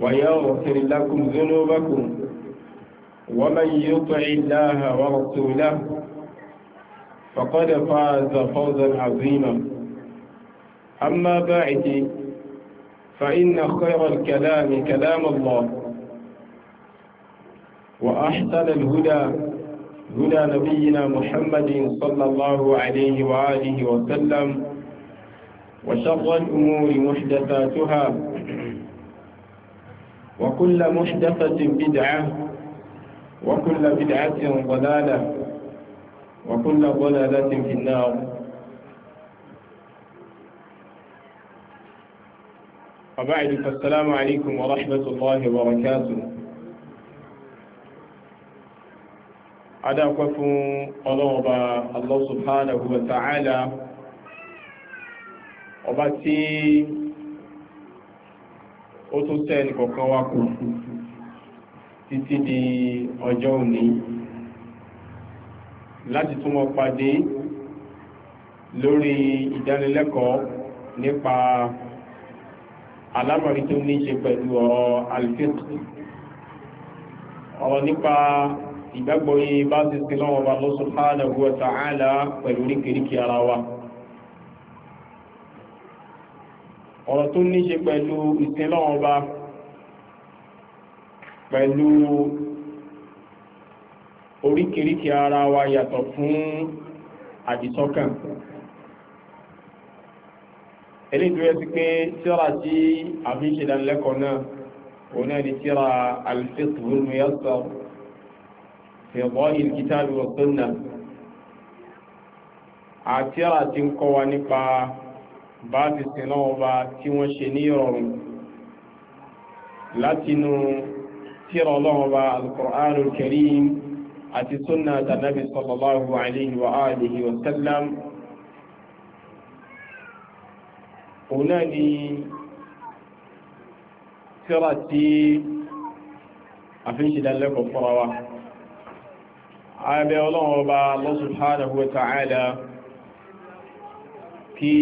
ويغفر لكم ذنوبكم ومن يطع الله ورسوله فقد فاز فوزا عظيما أما بعد فإن خير الكلام كلام الله وأحسن الهدى هدى نبينا محمد صلى الله عليه وآله وسلم وشر الأمور محدثاتها وكل محدثة بدعة وكل بدعة ضلالة وكل ضلالة في النار وبعد فالسلام عليكم ورحمة الله وبركاته أدعوكم قلوب الله سبحانه وتعالى وباتي ó tó tẹ́ ẹnì kọ̀ọ̀kan wá kù títí di ọjọ́ òní láti tún mọ́ pàdé lórí ìdánilẹ́kọ̀ọ́ nípa alámọ̀rí tó ní ṣe pẹ̀lú ọ̀rọ̀ alfiqh ọ̀rọ̀ nípa ìgbàgbọ́ yìí bá ti sí lọ́wọ́ wa subhanahu wa ta'ala pẹ̀lú oríkèríkè ara wa. ọ̀rọ̀ tó ní ṣe pẹ̀lú ìsinlọ́wọ́ba pẹ̀lú oríkìríkì ara wa yàtọ̀ fún àdìsọ́kàn eléyìí tó yẹ sí pé tíra tí a fi ń ṣe dánilẹ́kọ̀ọ́ náà òun náà ni tíra al-fiqh al-muyassar fi dhahi al-kitab wa bá ti sin náà ọba tí wọ́n ṣe ní ìrọ̀rùn látinú tíra ọlọ́run ọba alukur'anul karim àti sunna tànàbí sallallahu alayhi wa alihi wa sallam òun náà ni tíra tí a fi ń ṣe dánlẹ́kọ̀ọ́ fọ́ra abẹ́ ọlọ́run ọba Allah subhanahu kí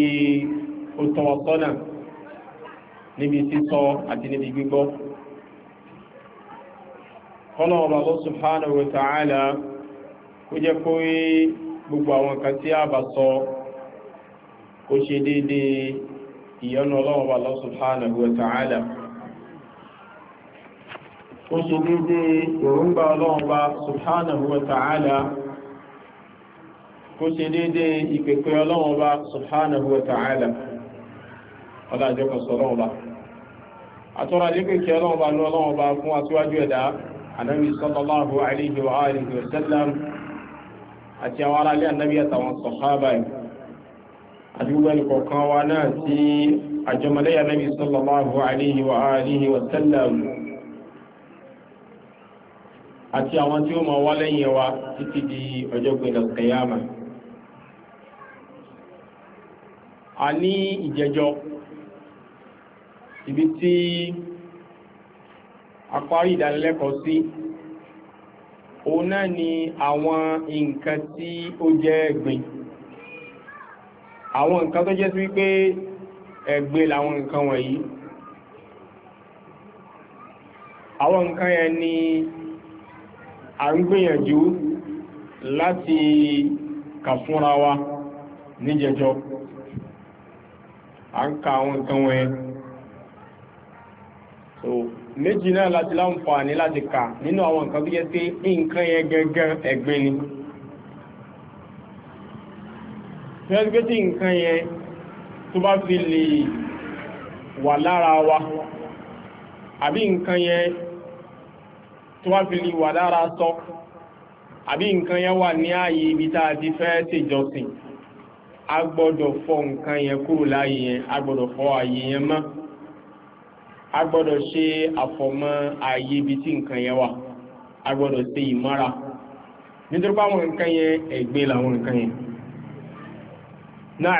ó tọ́ sọ́nà níbi sísọ àti níbi gbígbọ́ kọ́nà Allah kó rí gbogbo àwọn kan tí a bá sọ kó ṣe dédé ìyọ́nà ọlọ́run Allah subhanahu ṣe dédé kó ọlájọ́ kan sọ lọ́wọ́ bá àtọ́rọ̀ àdékò kí ọlọ́wọ́ bá lọ́wọ́ lọ́wọ́ bá fún aṣíwájú ẹ̀dá anábì sallallahu alayhi wa alihi wa sallam àti àwọn aráalé anábì àtàwọn sọ̀hábà àti gbogbo ẹnì kọ̀ọ̀kan wa náà sí àjọmọlẹ́yà anábì sallallahu alayhi tí ó máa wá lẹ́yìn wa títí di ọjọ́ gbẹ̀dọ̀ a ní ìjẹjọ́ ibi tí a parí ìdánilẹ́kọ̀ọ́ sí òun náà ni àwọn nǹkan tí ó jẹ́ ẹ̀gbin àwọn nǹkan tó jẹ́ sí wípé ẹ̀gbin làwọn nǹkan wọ̀nyí àwọn nǹkan yẹn ni a ń gbìyànjú láti kà fúnra wa níjẹjọ a ń ka àwọn nǹkan wọ̀nyẹn méjì náà láti láǹfààní láti kà nínú àwọn nǹkan tó jẹ́ pé nǹkan yẹn gẹ́gẹ́ ẹ̀gbin ni fẹ́sìgbé tí nǹkan yẹn tó bá fi lè wà lára wa àbí nǹkan yẹn tó bá fi lè wà lára sọ àbí nǹkan yẹn wà ní ààyè ibi tá a ti fẹ́ ṣèjọsìn a fọ nǹkan yẹn kúrò láàyè yẹn a fọ ààyè yẹn mọ́ a gbọ́dọ̀ ṣe àfọ̀mọ́ ààyè ibi tí nǹkan yẹn wà a gbọ́dọ̀ ṣe ìmọ́ra nítorí báwọn nǹkan yẹn ẹ̀gbẹ́ làwọn nǹkan yẹn náà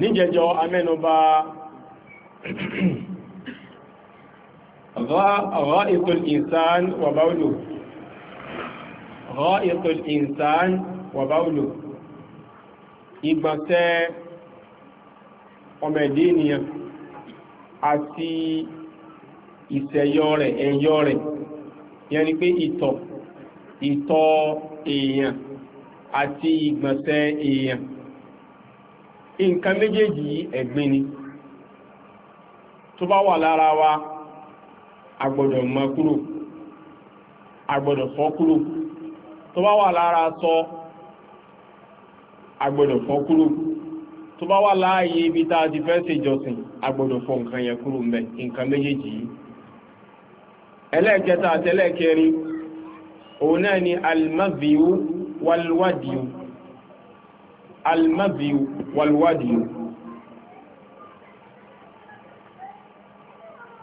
níjẹjọ amẹ́nubà غائط الإنسان وبوله غائط الإنسان وبوله ìgbọ̀nsẹ̀ ọmọ ẹ̀dẹ́ ènìyàn àti ìṣẹ̀yọ rẹ̀ ẹ̀yọ rẹ̀ yẹn ni pé ìtọ̀ ìtọ̀ èèyàn àti ìgbọ̀nsẹ̀ èèyàn nǹkan méjèèjì ẹ̀gbin ni tó bá wà lára wa mọ́ kúrò fọ́ kúrò tó bá wà sọ agbọ́dọ̀ fọ́ kúrò tó bá wà láàyè ibi tá a ti fẹ́ ṣe ìjọsìn agbọ́dọ̀ fọ́ nǹkan yẹn kúrò mbẹ nǹkan méjèèjì yìí ẹlẹ́ẹ̀kẹta àtẹlẹ́ẹ̀kẹrin òun náà ni almaviu walwadiu almaviu walwadiu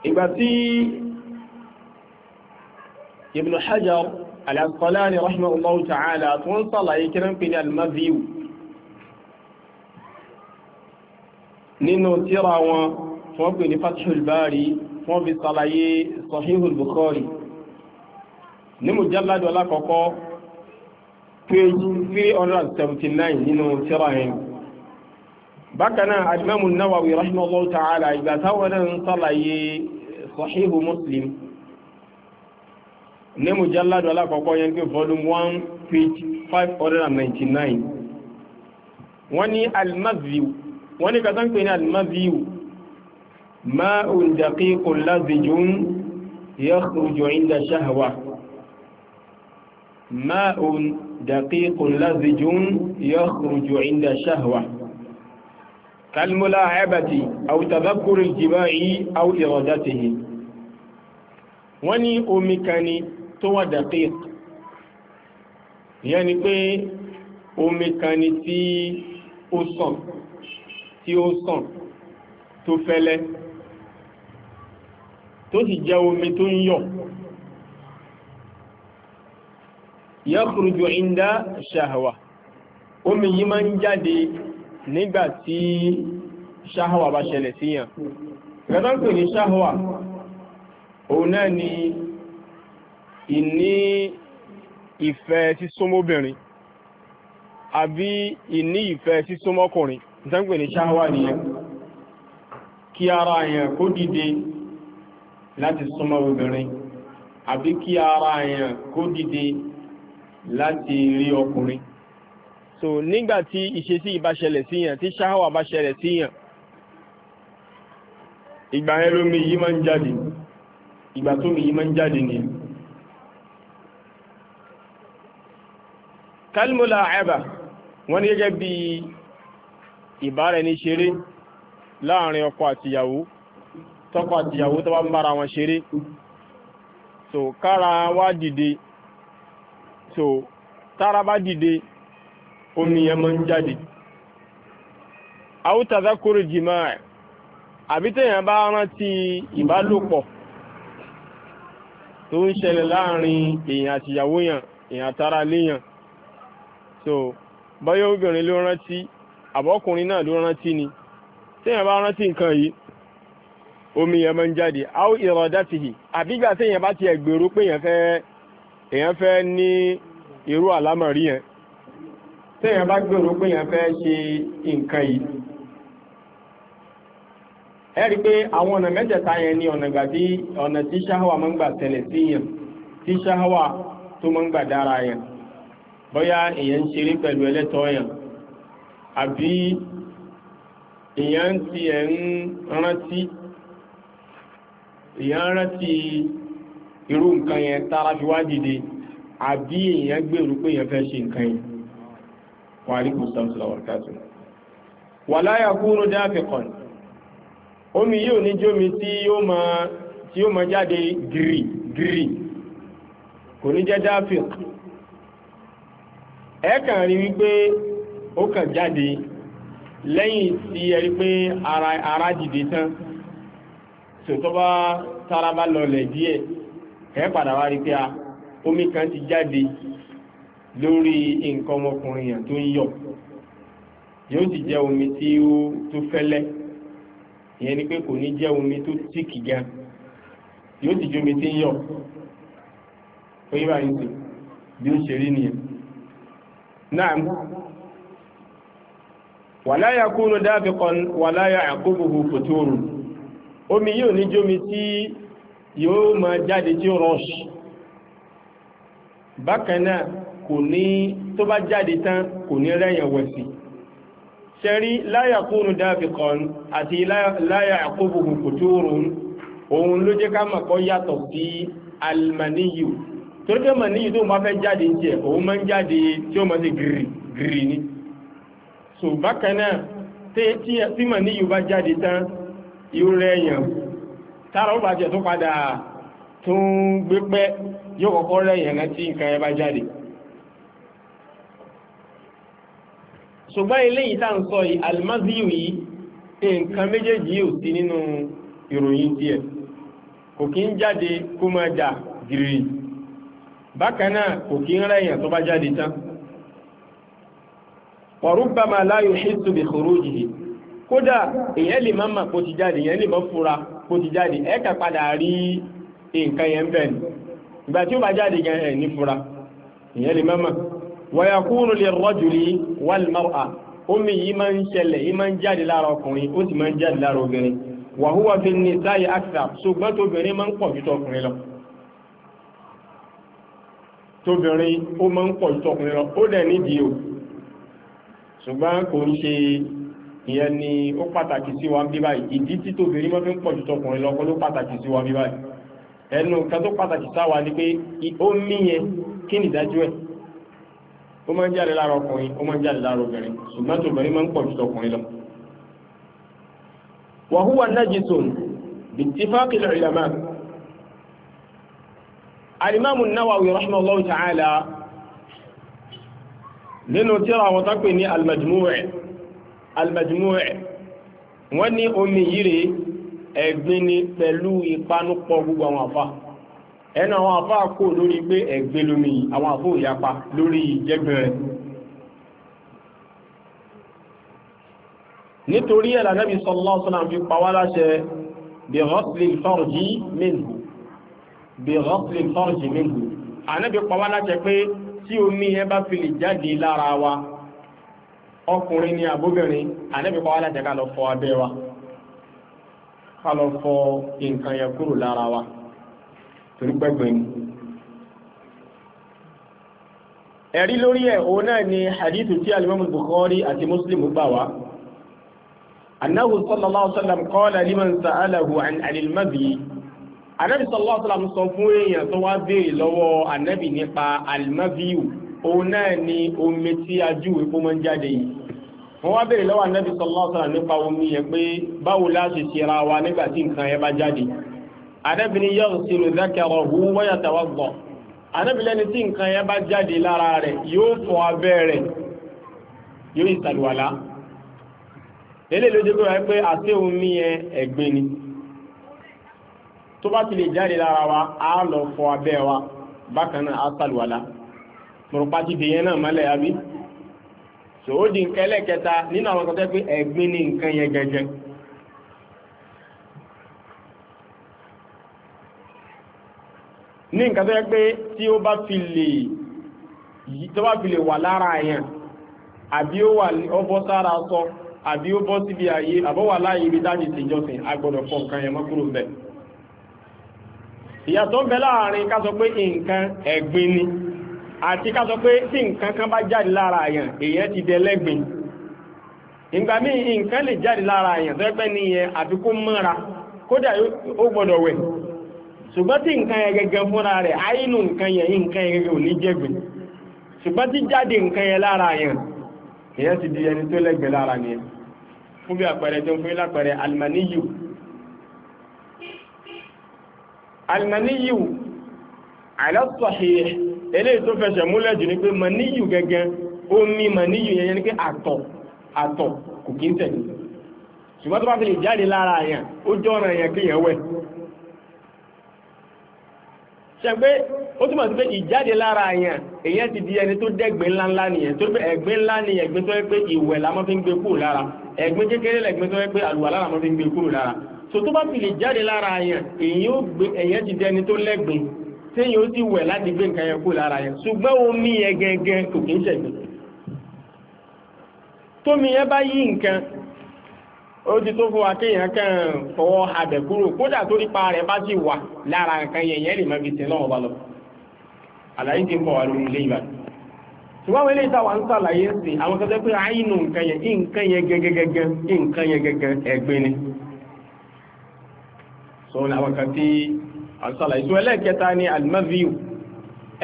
ìgbà ibn hajar al-asqalani rahimahullahu ta'ala tó ń sàlàyé kíran pé almaviu nínú tíra wọn wọ́n pè ní Fathul Bari wọ́n fi ṣàlàyé Sahihul Bukhari ní alákọ̀ọ́kọ́ page 379 nínú tíra yẹn bákanáà alimamu Nawawi rahimahullahu ta'ala ìgbà táwọn náà ń ṣàlàyé Sahihu Muslim ní volume 1 page 599 wọ́n ní al-Maziyu wọ́n ní kàtán pè ní almaziyu ma'un daqiqun lazijun yakhruju inda shahwa ma'un daqiqun lazijun yakhruju inda shahwa kalmulaabati aw tadhakkuri aljima'i aw iradatihi wọ́n ní omi kan ni tó wà daqiq ìyẹn pé omi kan ni tí ó sàn tí ó sàn tó fẹ́lẹ́ tó sì jẹ́ omi tó ń yọ̀ yakhruju inda ṣàhàwà omi yìí máa ń jáde nígbà tí ṣàhàwà bá ṣẹlẹ̀ síyàn gẹ́gẹ́ ní ṣàhàwà òun náà ni ìní ìfẹ́ sí súnmọ́bìnrin àbí ìní ìfẹ́ sí súnmọ́kùnrin ìtàgbẹ̀ ní ṣáwà nìyẹn kí ara yẹn kó dìde láti súnmọ́ obìnrin àbí kí ara yẹn kó dìde láti rí ọkùnrin so nígbà tí ìṣesí ìbá ṣẹlẹ̀ sí yẹn tí ṣáwà bá ṣẹlẹ̀ sí yẹn ìgbà yẹn lómi máa ń jáde ìgbà tó mi yìí máa ń jáde ni kalmula ẹ̀bà wọ́n gẹ́gẹ́ bíi ìbáraẹni ṣeré láàrin ọkọ àtìyàwó tọkọ àtìyàwó tó ń bára wọn ṣeré so kára wá dìde so tára bá dìde omi yẹn máa ń jáde àwùtàdá kúrò jìmá ẹ̀ àbí téèyàn bá rántí ìbálòpọ̀ tó ń ṣẹlẹ̀ láàrin èèyàn àtìyàwó yàn èèyàn àtàrà léyàn so bọ́yọ́ obìnrin ló rántí àbọ́kùnrin náà ló rántí ni téèyàn bá rántí nǹkan yìí omi yẹn máa ń jáde áwọ ìrọ̀dá ti hì àbígbà téèyàn bá tiẹ̀ gbèrú pé èèyàn fẹ́ ní irú àlámọ̀rí yẹn téèyàn bá gbèrú pé èèyàn fẹ́ ṣe nǹkan yìí ẹ rí pé àwọn ọ̀nà mẹ́tẹ̀ẹ̀ta yẹn ni ọ̀nà gbà tí ọ̀nà tí ṣáhàwà máa ń gbà tẹ̀lẹ̀ sí yẹn tí ṣáhàwà tó máa ń gbà dára yẹn bóyá èèyàn ń ṣeré pẹ̀lú ẹlẹ́tọ̀ọ́ yẹn àbí èèyàn ti ẹ̀ ń rántí èèyàn rántí irú nǹkan yẹn tára fi wá dìde àbí èèyàn gbèrú pé èèyàn fẹ́ ṣe nǹkan yẹn wà rí kùsùn sọ̀rọ̀ kàtó wà láyà kúrò dáfẹ́kọ̀n omi yóò ní jómi tí yóò máa jáde gírì gírì kò ní jẹ́ dáfẹ́k ẹ̀ẹ́kàn rí wípé ó kàn jáde lẹ́yìn tí ẹ̀rí pé ara dìde tán tòótọ́ bá tára bá lọlẹ̀ díẹ̀ ẹ̀ padà wá rí pé a ah, omi kan ti jáde lórí nǹkan ọmọkùnrin yàn tó ń yọ̀ yóò ti jẹ́ omi tí ó tó fẹ́lẹ́ ìyẹn ni pé kò ní jẹ́ omi tó tíkì gan yóò ti jẹ́ omi tí ń yọ̀ ó yíra yìí bí ó ṣe rí nìyẹn náà wàlá yakunu dábìkan wàlá ya'qubuhu futurun omi yóò ní jómi tí yóò máa jáde tí ó rush bákan náà kò ní tó bá jáde tán kò ní rẹ̀yàn wẹ̀sì ṣẹ́rí la dábìkan àti la ya'qubuhu futurun òun ló jẹ́ ká mọ̀ kọ́ yàtọ̀ sí almaniyu torí pé maniyu tó máa fẹ́ jáde ń jẹ òun máa ń jáde tí ó máa ti gírì gírì ni. so bákan tí mà ní yóò bá jáde tán yóò rẹ̀yàn tára ó bá jẹ́ tó padà tó ń gbé pẹ́ yóò kọ́kọ́ rẹ̀yàn náà tí nǹkan ẹ bá jáde ṣùgbọ́n eléyìí tá ń sọ yìí almaziyu yìí nǹkan méjèèjì yóò sí nínú ìròyìn tiẹ̀ kò kí ń jáde kó máa kò kí ń tó bá warubama la yuhissu bi khurujihi kódà èyàn lè má mà kó ti jáde èyàn lè má fura kó ti jáde ẹ kà padà rí nǹkan yẹn bẹ́ẹ̀ ni ìgbà tí ó bá jáde gan ẹ̀ ní fura èyàn lè má mà wa yakunu lirrajuli wal mar'a omi yìí máa ń ṣẹlẹ̀ yìí máa ń jáde lára ọkùnrin ó sì máa ń jáde lára obìnrin wa huwa fi nisa'i akthar ṣùgbọ́n tóbìnrin máa ń pọ̀ ju tọkùnrin lọ tóbìnrin ó máa ń pọ̀ ju tọkùnrin lọ ó dẹ̀ nídìí o ṣùgbọ́n kò ń ṣe ìyẹn ni ó pàtàkì sí wa bí báyìí ìdí tí tóbìnrin mọ́ fi ń pọ̀jù tọkùnrin lọ́kọ́ ló pàtàkì sí wa bí báyìí ẹnu kan tó pàtàkì sáwa ni pé ó mí yẹn kí ni ìdájọ́ ẹ̀ ó máa ń jáde lára ọkùnrin ó máa ń jáde lára obìnrin ṣùgbọ́n tóbìnrin máa ń pọ̀jù tọkùnrin lọ. wàhúwà najisun bittifaqil ulama alimamu nawawi rahimahullahu ta'ala nínú tíra àwọn tápè ní almajmu'e almajmu'e wọ́n ní omi yìí rèé ẹ̀gbin ni pẹ̀lú ìpanupọ̀ gbogbo àwọn àfà ẹnu àwọn àfà kò lórí pé ẹ̀gbin lómi àwọn àfà ò yapa lórí ìjẹ́gbin rẹ̀ nítorí ẹ̀lá Nabi sallallahu alaihi wasallam fi pa láṣẹ bi ghasli al-farji minhu bi tí omi yẹn bá fi lè jáde lára wa ọkùnrin ni àbóbìnrin ànábì pa wá láti ká lọ fọ abẹ́ wa ká lọ fọ nǹkan yẹn kúrò lára wa torí pẹ́gbẹ́ ni ẹ̀rí lórí ẹ̀ òun náà ni hadithu tí alimọ́mù Bukhari àti Muslim gbà wá annahu sallallahu alaihi wasallam qala liman sa'alahu an alilmabi anabi sallallahu alaihi wasallam sọ fún èèyàn tó wá béèrè lọ́wọ́ anabi nípa alimaviu òun náà ni omi tí a júwe kó máa ń jáde yìí wọ́n wá béèrè lọ́wọ́ anabi sallallahu alaihi wasallam nípa omi yẹn pé báwo la ṣe ṣe ra wa nígbà tí nǹkan yẹn bá jáde anabi ni yaghsilu dhakarahu wa yatawadda anabi lẹ́ni tí nǹkan yẹn bá jáde lára rẹ̀ yóò fọ abẹ́ rẹ̀ yóò ìsàlùwàlá eléyìí ló dé pé àti omi yẹn ẹ̀gbin ni. tó bá ti lè jáde lára wa a lọ fọ abẹ́ wa bákan náà mọ̀rọ̀pá ti dèyẹn náà mọ́lẹ̀ àbí sòódì nǹkan ẹlẹ́kẹta nínú àwọn pé ní nǹkan yẹn gẹ́gẹ́ ní nǹkan tó pé tí ó bá fi lè wà lára ìyàtọ̀ ń bẹ láàrin ká sọ pé nǹkan ẹ̀gbin ni àti ká sọ pé tí nǹkan kan bá jáde lára àyàn èyàn ti dẹlẹ́gbin ìgbà míì nǹkan lè jáde lára àyàn tó ẹgbẹ́ nìyẹn àfi kó mọ́ra kódà ó gbọ́dọ̀ wẹ̀ ṣùgbọ́n tí nǹkan yẹn gẹ́gẹ́ fúnra rẹ̀ nǹkan yẹn nǹkan yẹn ò ní ṣùgbọ́n tí jáde nǹkan yẹn lára àyàn ti di ẹni tó lẹ́gbẹ̀ẹ́ lára almaniyu alasahih eléyìí tó fẹsẹ̀ múlẹ̀ jù ní pé maniyu gẹ́gẹ́ omi maniyu yẹn ní pé àtọ̀ àtọ̀ kò kí ń tẹ̀lé ṣùgbọ́n tó bá fi lè jáde lára àyàn ó jọ́ra àyàn kí yẹn wẹ̀ ṣẹgbẹ́ ó túnmọ̀ sí pé ìjáde lára àyàn èyàn ti di ẹni tó dẹ́gbẹ́ ńláńlá nìyẹn tó pé ẹ̀gbẹ́ ńlá ni ẹ̀gbẹ́ tó yẹ pé ìwẹ̀ la máa fi ń gbé kúrò lára ẹ̀gbẹ́ kékeré lẹ̀gbẹ́ tó yẹ pé àlùwàlá la máa fi ń gbé kúrò lára so tó bá fi lè jáde lára àyàn èyí ó gbé ẹ̀yẹ́ ti dẹni tó lẹ́gbìn tí èyí ó sì wẹ̀ láti gbé nǹkan yẹn kó lára àyàn ṣùgbọ́n omi yẹn gẹ́gẹ́ kò kí ń ṣẹ̀gbìn tómi yẹn bá yí nǹkan ó ti tó fún wa kàn fọwọ́ abẹ̀ kúrò kódà tó nípa rẹ̀ bá wà lára nǹkan yẹn yẹn lè má fi lọ́wọ́ bá lọ àlàyé ti ń bọ̀ wá lórí ilé ìbàdàn ṣùgbọ́n ń so láwọn kan tí a sọ́lá ìsú ẹlẹ́ẹ̀kẹta ni almaviyu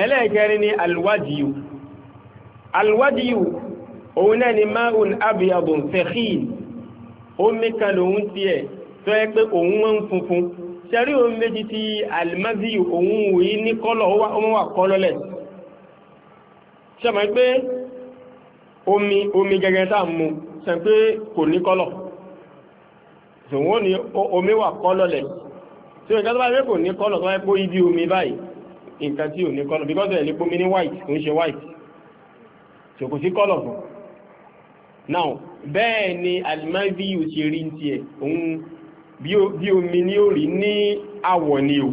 ẹlẹ́ẹ̀kẹrin ni alwadiu alwadiu òun náà ni ma'un abiyadun fẹ̀kín omi kan lòun tiẹ̀ tó yẹ pé òun wọn funfun ṣẹ́rí omi méjì ti almaviyu òun wòye ní kọ́lọ̀ ọmọ wà kọ́lọ́lẹ̀ ṣẹ́mọ̀ pé omi omi gẹ́gẹ́ tá mú ṣẹ́ pé kò ní kọ́lọ̀ ṣùgbọ́n ni omi wà kọ́lọ́lẹ̀ tí nǹkan tó bá yẹ kò ní kọ́lọ̀ tó bá yẹ kó ibi omi báyìí nǹkan tí ò ní kọ́lọ̀ because ẹ̀ lè pomi ní white kò ń ṣe white tí kò sí kọ́lọ̀ fún now bẹ́ẹ̀ ni alimavi ò ṣe rí tiẹ̀ òun bí omi ní ó rí ní àwọ̀ ni o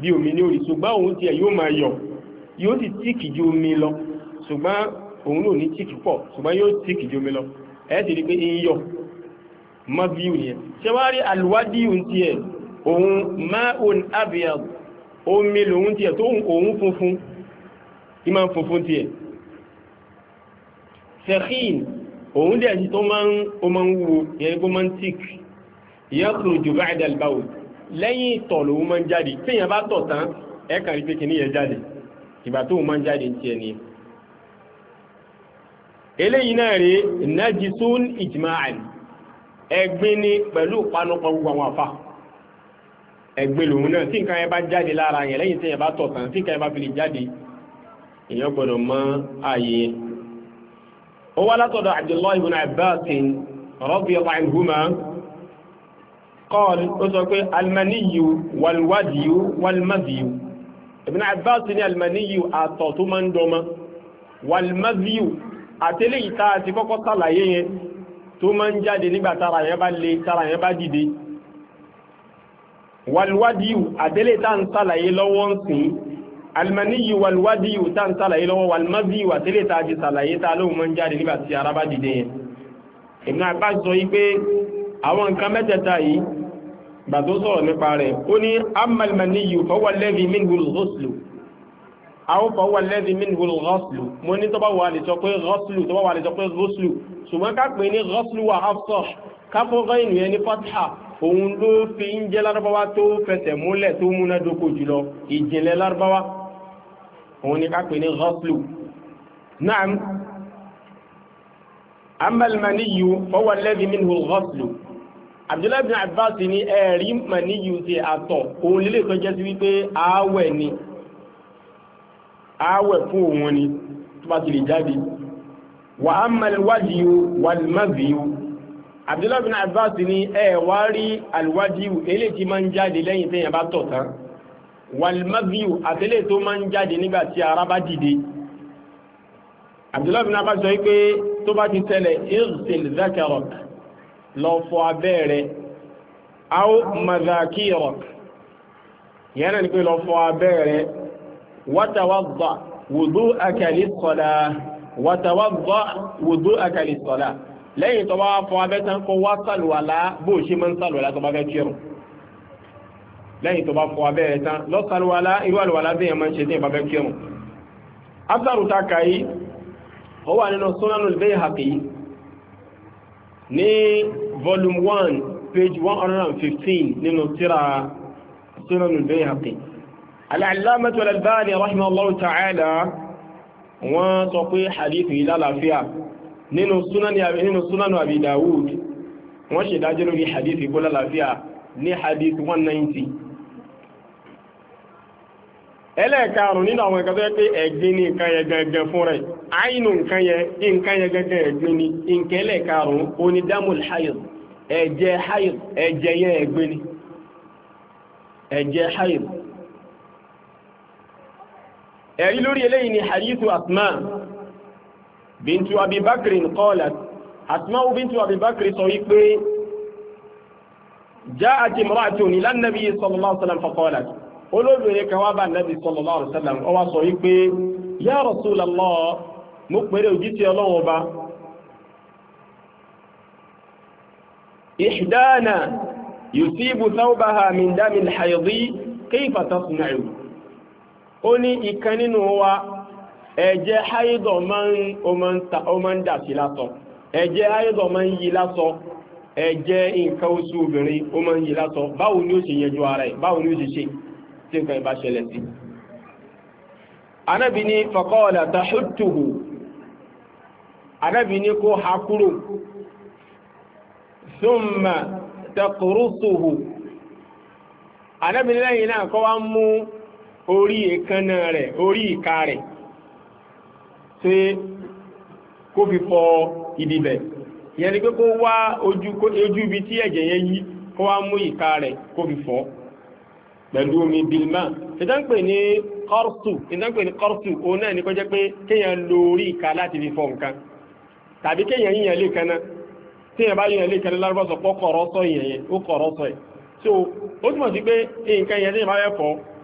bí omi ní ó rí ṣùgbọ́n òun tiẹ̀ yóò máa yọ yóò sì tíìkì ju omi lọ ṣùgbọ́n òun ló ní tíìkì pọ̀ ṣùgbọ́n yóò tíìkì ju omi lọ ẹ̀ sì rí pé ń yọ mọ́ bí ò yẹn ṣé wá rí àlùwádìí ò òun ma'un abiyad omi lòun tiẹ̀ tó òun funfun ìmá funfun tiẹ̀ sẹ̀kín òun dẹ̀ sí tó máa ń wo yẹn kó máa ń tík yakhruju ba'da al-bawl lẹ́yìn ìtọ̀ lòun máa ń jáde tí èèyàn bá tọ̀ tán ẹ kàn rí pé kìíní yẹn jáde ìgbà tó máa ń jáde tiẹ̀ ni eléyìí náà rí najisun ijma'an ẹ̀gbin ni pẹ̀lú panupọ̀ gbogbo àwọn àfáà ẹgbẹ́ lòun náà tí nǹkan yẹn bá jáde lára yẹn lẹ́yìn tí yẹn bá tọ̀ tán tí nǹkan yẹn bá fi lè jáde èèyàn gbọ́dọ̀ mọ ààyè yẹn. ó wá látọ̀dọ̀ Abdullahi ibn Abbas radiyallahu anhuma qala ó sọ pé almaniyu walwadiyu walmaziyu ibn Abbas ní almaniyu àtọ̀ tó máa ń dọ́mọ walmaziyu àtẹ́lẹ́yìí tá a ti kọ́kọ́ sàlàyé yẹn tó máa ń jáde nígbà tára yẹn bá le tára yẹn bá dìde walwadiyu àdélé tá ń sàlàyé lọ́wọ́ ń sìn almaniyu walwadiyu tá ń sàlàyé lọ́wọ́ walmaziyu àdélé tá ti sàlàyé tá lóhun mọ́ ń jáde nígbà tí ara bá dìde yẹn Ibn Abbas sọ yí pé àwọn nǹkan mẹ́tẹ̀ẹ̀ta yìí gbà ni sọ̀rọ̀ nípa rẹ̀ ó ní amalmaniyu fahuwa alladhi minhu al-ghuslu àwọn kan wà lẹ́dí minhul mo ni tó bá wà lè sọ pé ghuslu tó bá wà lè sọ pé ghuslu ṣùgbọ́n ká pè ní ghuslu wà hafsọ káfọ́ ghainu yẹn ní fatha òun ló fi ń jẹ́ lárúbáwá tó fẹsẹ̀ múlẹ̀ tó múnádóko jùlọ ìjìnlẹ̀ lárúbáwá òun ni ká pè ní ghaslu naam amalmaniyu fọwọ́ lẹ́bi minhu ghaslu abdullahi bin abbas ní ẹ̀rí maniyu ti àtọ̀ òun lílé tó jẹ́ sí wípé ààwẹ̀ ni ààwẹ̀ fún òun ni tó bá ti lè jáde wa amalwajiyu walmaziyu abdullahi bin abbas ni ẹ wá rí alwadiu eléyìí tí máa ń jáde lẹ́yìn tẹ́yìn bá tọ̀ tán walmaziu àtẹ́lẹ̀ tó máa ń jáde nígbà tí ara bá dìde abdullahi bin abbas sọ pé tó bá ti tẹ́lẹ̀ irsil zakarok lọ fọ abẹ́ rẹ̀ aw mazakirok yẹn náà ni pé lọ fọ abẹ́ rẹ̀ watawadda wudu akali sọlá watawadda wudu akali lẹ́yìn tó bá wá fọ abẹ́ tán kó wá sàlùwàlá bó ṣe máa ń sàlùwàlá tó bá fẹ́ kírun lẹ́yìn tó bá fọ abẹ́ rẹ̀ tán lọ sàlùwàlá irú àlùwàlá bí yẹn ń ṣe tí bá fẹ́ kírun aftaru ta ó wà nínú Sunanul Bayhaqi ní volume one page one nínú tírà Sunanul Bayhaqi al-Allamatu al-Albani ta'ala wọ́n sọ pé hadith yìí nínú súnánù nínú àbí Dawud wọ́n ṣe dájọ́ lórí hadith ibola lafiya ní hadith 190 ẹlẹ́ẹ̀karùn nínú àwọn ẹ̀kọ́ tó yẹ pé ẹ̀gbin ní nǹkan yẹ gẹ́gẹ́ fún rẹ̀ àìnù nǹkan yẹ gẹ́gẹ́ ẹ̀gbin ní nǹkan ẹlẹ́ẹ̀karùn oní dámùl ẹ̀jẹ̀ ẹ̀jẹ̀ ni hadithu Asma bíntu abibakiri kọ́ọ̀lá asma'u bíntu abibakiri sọ wípé já àti mọ́ àti òní lánàbí sallallahu alaihi wasallam fọ́kọ́ọ̀lá olóbìnrin kan wá bá nàbí sallallahu alaihi wasallam ó wá sọ wípé ya Rasulullah mo pèrè òjíṣẹ́ ọlọ́wọ́ ba ihdana yusibu thawbaha min dami al-hayd kayfa tasna'u ó ní ìkan nínú wa ẹ̀jẹ̀ háyídọ̀ máa ń dà sí eje ẹ̀jẹ̀ háyídọ̀ máa ń yí lásọ ẹ̀jẹ̀ nǹkan oṣù obìnrin ó máa ń yí báwo ni ó ṣe yẹjú ara ẹ̀ báwo ni ó ṣe ṣe tí nǹkan ìbá ṣẹlẹ̀ sí anábì ní faqala tahuttuhu anábì ní kó ha kúrò thumma taqrusuhu anábì ní lẹ́yìn náà kọ́ wá mú orí rẹ̀ orí ìka rẹ̀ pé kó fi fọ ìdìbẹ̀ ìyẹn ni pé kó wá ojú ibi tí ẹ̀jẹ̀ yẹn yí kó wá mú ìka rẹ̀ kó fi fọ pẹ̀lú omi bilma ìdánpè ní kọ́rùsù ìdánpè ní kọ́rùsù òun náà ni kó jẹ́ pé kéèyàn lo orí ìka láti fi fọ nǹkan tàbí kéèyàn yíyan lè kan náà téèyàn bá yíyan lè kan náà lárúbọ̀ sọ pé kọ̀rọ̀ sọ ìyẹn yẹn ó kọ̀rọ̀ sọ ẹ̀ so ó túmọ̀ sí pé nǹkan yẹn téèyàn bá fẹ́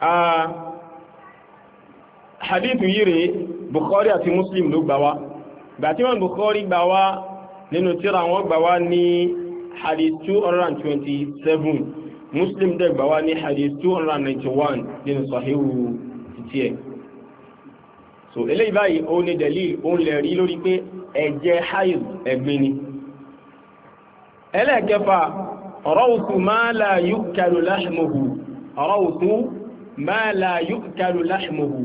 a hadithu yìí rèé bukhari àti muslim ló gbà wá tí wọ́n bukhari gbà wá nínú tírà wọn gbà ní hadith 227 muslim dẹ̀ gbà ní hadith 291 nínú sahihu títí ẹ̀ so eléyìí báyìí ó ní dalil o ń lè rí lórí pé ẹ̀jẹ̀ haid ẹ̀gbin ni ẹlẹ́ẹ̀kẹfà rọ́ùtù máa la yúkẹrù láhmuhu rọ́ùtù ma la yu'kalu lahmuhu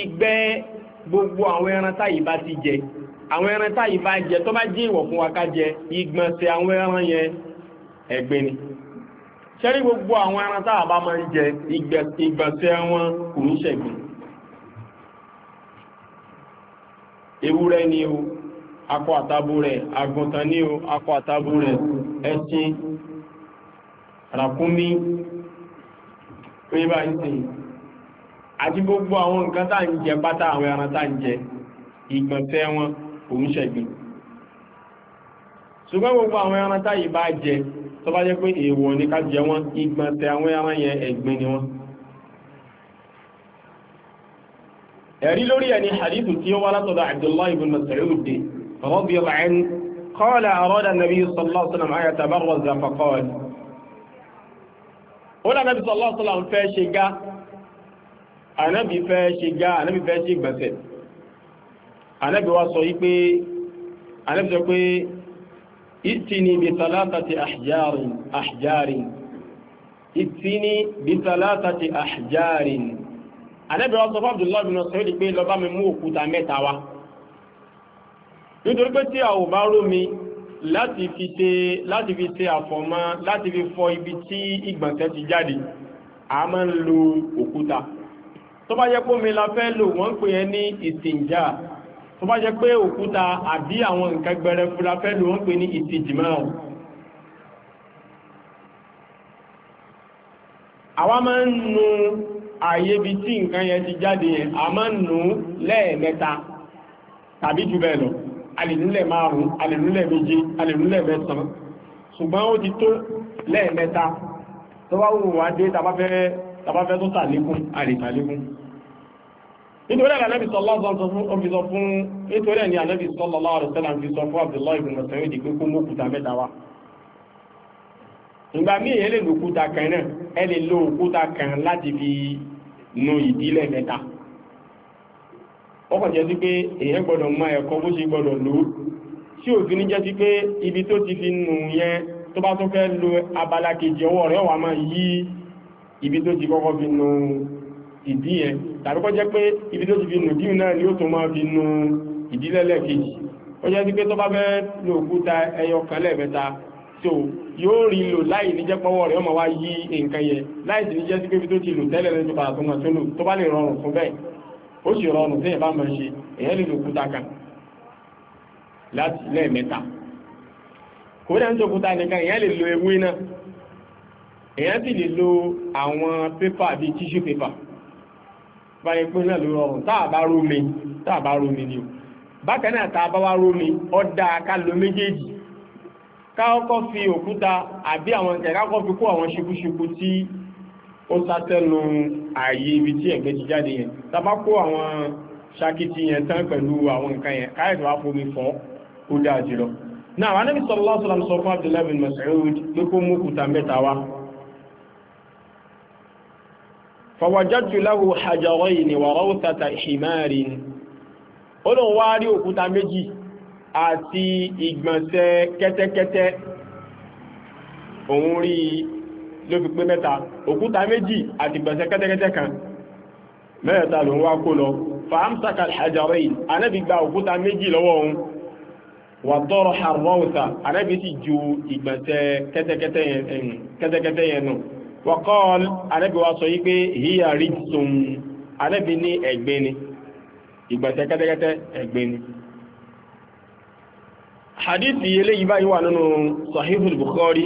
ìgbẹ́ gbogbo àwọn ẹran táyì bá ti jẹ àwọn ẹran táyì bá jẹ tó bá jẹ́ ìwọ̀ fún wa ká jẹ ìgbọ̀nsẹ̀ àwọn ẹran yẹn ẹ̀gbin ni ṣẹ́rí gbogbo àwọn ẹran táyà bá máa ń jẹ ìgbọ̀nsẹ̀ wọn kò ní ṣẹ̀gbin ewúrẹ́ ni o akọ àtabo rẹ̀ àgùntàn ni o akọ àtabo rẹ̀ ẹṣin ràkúnmí pé bá ń sìn àti gbogbo àwọn nǹkan tá ń jẹ pátá àwọn ẹran tá ń jẹ ìgbọ̀nsẹ̀ wọn òun ṣùgbọ́n gbogbo àwọn ẹran tá yìí bá jẹ tó bá jẹ́ pé èèwọ̀ ní ká jẹ wọn ìgbọ̀nsẹ̀ àwọn ẹran yẹn ẹ̀gbin ni wọn ẹ̀rí lórí ẹni hadithu tí ó Abdullahi ibn kódà náà sọ lọ́wọ́ sọ́lá ń fẹ́ ṣe gá ànábì fẹ́ ṣe gá ànábì fẹ́ ṣe gbọ̀nsẹ̀ ànábì wa sọ wípé ànábì sọ pé ìtìní bí sàlátàtì àhjárin àhjárin ìtìní bí sàlátàtì àhjárin ànábì wa sọ fún Abdullahi bin pé lọ mi mú òkúta mẹ́ta wá nítorí pé tí a rómi láti fi ṣe láti fi ṣe àfọ̀mọ́ láti fi fọ ibi tí ìgbọ̀nsẹ̀ ti jáde a máa ń lo òkúta tó bá jẹ́ pé omi la fẹ́ lò wọ́n ń pè é ní ìsìnjà tó bá jẹ́ pé òkúta àbí àwọn nǹkan gbẹrẹfu la fẹ́ lò wọ́n pè ní ìsìnjìmọ́ àwa máa ń nu ààyè ibi tí nǹkan yẹn ti jáde yẹn a máa ń nu lẹ́ẹ̀mẹ́ta tàbí jù bẹ́ẹ̀ lọ alìnúlẹ̀ márùn-ún alìnúlẹ̀ méje alìnúlẹ̀ mẹ́sàn ṣùgbọ́n ó ti tó lẹ́ẹ̀mẹ́ta tó bá wù wá dé tàbáfẹ́ tó tàlékún àrètàlékún nítorí ẹ̀rọ anábì sọ lọ́sọ̀ fi sọ fún nítorí ẹ̀ni anábì sọ lọ́lá ọ̀rọ̀ sẹ́lá fi sọ fún Abdullahi ibn Mas'ud ìdí pé kó mú òkúta mẹ́ta wá ìgbà míì èyí lè lo òkúta kan náà ẹ lè lo òkúta kan láti fi nu ìdílé mẹ́ta ọkọ̀ jẹ́ sí pé èyàn gbọ́dọ̀ mọ ẹ̀kọ́ bó ṣe gbọ́dọ̀ lò ó tí ò fi ní jẹ́ sí pé ibi tó ti fi nù yẹn tó bá tó fẹ́ lo abala kejì ọwọ́ rẹ̀ wà máa yí ibi tó ti kọ́kọ́ fi nù ìdí yẹn tàbí kọ́ jẹ́ pé ibi tó ti fi nù díù náà ni ó tó máa fi nù ìdílẹ́lẹ̀ kejì ó jẹ́ sí pé tó bá fẹ́ lo òkúta ẹyọ kan lẹ́ẹ̀mẹ́ta so yóò rí lò láì ní jẹ́ pọ́wọ́ rẹ̀ ọmọ wá yí nǹkan yẹn láì sì ní jẹ́ sí pé ibi tó ti lò tẹ́lẹ̀ lẹ́jọ́ tó bá lè rọrùn fún bẹ́ẹ̀ ó sì rọrùn tí ìbá máa ṣe èyàn lè lòkúta kan láti lẹ́ẹ̀mẹ́ta kò dá ń tókúta nìkan èyàn lè lo ewé náà èyàn sì lè lo àwọn pépà bíi tíṣù pépà báyìí pé náà ló rọrùn tá a bá rómi tá a bá rómi ni o bákan náà tá a bá wá rómi ó dáa ká lo méjèèjì ká kọ́kọ́ fi òkúta àbí àwọn kẹ̀kẹ́ kọ́kọ́ fi kó àwọn ṣubúṣubú tí ó sátẹ́nu ààyè ibi tí ẹ̀gbẹ́ ti jáde yẹn tàbá kó àwọn ṣakiti yẹn tán pẹ̀lú àwọn nǹkan yẹn káyẹ̀dọ̀ wá fomi fọ́ ó dáa jùlọ náà wà níbi sọ̀rọ̀ lọ́sọ̀rọ̀ sọ fún Abdullahi bin Mas'ud pé kó mú kùtà mẹ́ta wá fọwọ́jọ́tù láwù hajjọ́rọ́ yìí ni wọ̀rọ̀ òtàtà himarin ó lóun wá rí òkúta méjì àti ìgbọ̀nsẹ̀ kẹ́tẹ́kẹ́tẹ́ òun rí ló fi pé mẹ́ta òkúta méjì àti gbẹ̀sẹ̀ kẹ́tẹ́kẹ́tẹ́ kan mẹ́ta ló ń wá kó lọ fàámsàkà àjàrẹ́ yìí anábì gba òkúta méjì lọ́wọ́ òun wà tọrọ àrọ́wùsà anábì sì ju ìgbẹ̀sẹ̀ kẹ́tẹ́kẹ́tẹ́ yẹn nù wọ́kọ́ọ̀l anábì wa sọ yí pé híyà rí tún anábì ní ẹ̀gbẹ́ ni ìgbẹ̀sẹ̀ kẹ́tẹ́kẹ́tẹ́ ẹ̀gbẹ́ ni hadithi eléyìí báyìí wà nínú sahihul bukhari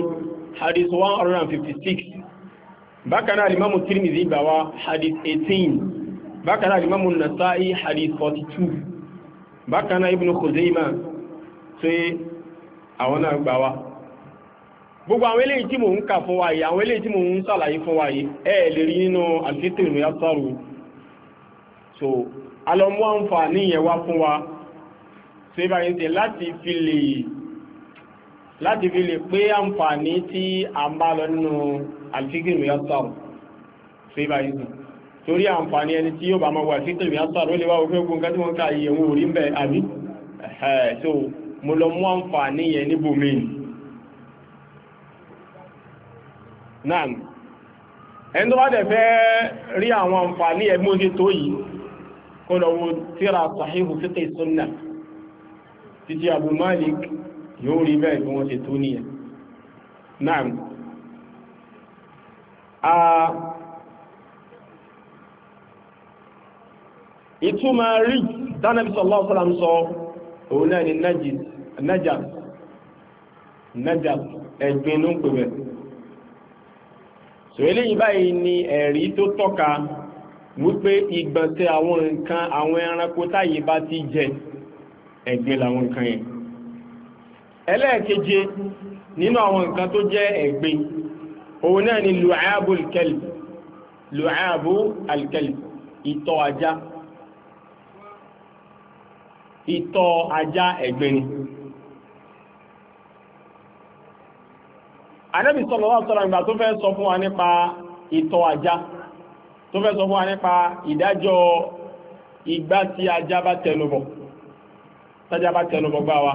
hadith 156 bákanáà limamu tirmidhi bawa hadith 18 bákanáà limamu nasa'i hadith 42 bákanáà ibn khuzaima tí àwọn náà gbà wá gbogbo àwọn eléyìí tí mò ń kà fún wa yìí àwọn eléyìí tí mò ń sàlàyé fún wa ẹ lè rí nínú àfitì ìrìn àtàrù so alọmú àǹfààní yẹn wá fún wa tí báyìí tẹ láti fi lè láti fi lè pé àǹfààní tí a ń bá lọ nínú alfikir miyasar sí bá yìí torí àǹfààní ẹni tí yóò bá máa wà alfikir miyasar ó lè wá òfin ogun kẹ́tí wọ́n ká iye wọn orí ń bẹ̀ àbí so mo lọ mú àǹfààní yẹn níbò míì náà ẹni tó bá dẹ̀ fẹ́ rí àwọn àǹfààní ẹgbẹ́ oṣù tó yìí kó lọ wo tíra sahihu fiqh sunnah títí abu malik yóò rí bẹ́ẹ̀ bí wọ́n ṣe tó nìyẹn náà a ìtumọ̀ rí dánàbí sallallahu alaihi wasallam sọ òun náà ni nájà nájà ẹ̀gbin ló ń pè bẹ́ẹ̀ so eléyìí báyìí ni ẹ̀rí tó tọ́ka wípé ìgbọ̀nsẹ̀ àwọn nǹkan àwọn ẹranko táyé bá ti jẹ ẹ̀gbin làwọn nǹkan yẹn ẹlẹ́ẹ̀keje nínú àwọn nǹkan tó jẹ́ ẹ̀gbin òun náà ni lùáàbù alkalb lùáàbù alkalb ìtọ̀ ajá ìtọ̀ ajá ẹ̀gbin ni anábì sallallahu alaihi wasallam ìgbà tó fẹ́ sọ fún wa nípa ìtọ̀ ajá tó fẹ́ sọ fún wa nípa ìdájọ́ ìgbà tí ajá bá tẹnubọ̀ tájá bá tẹnubọ̀ gbá wa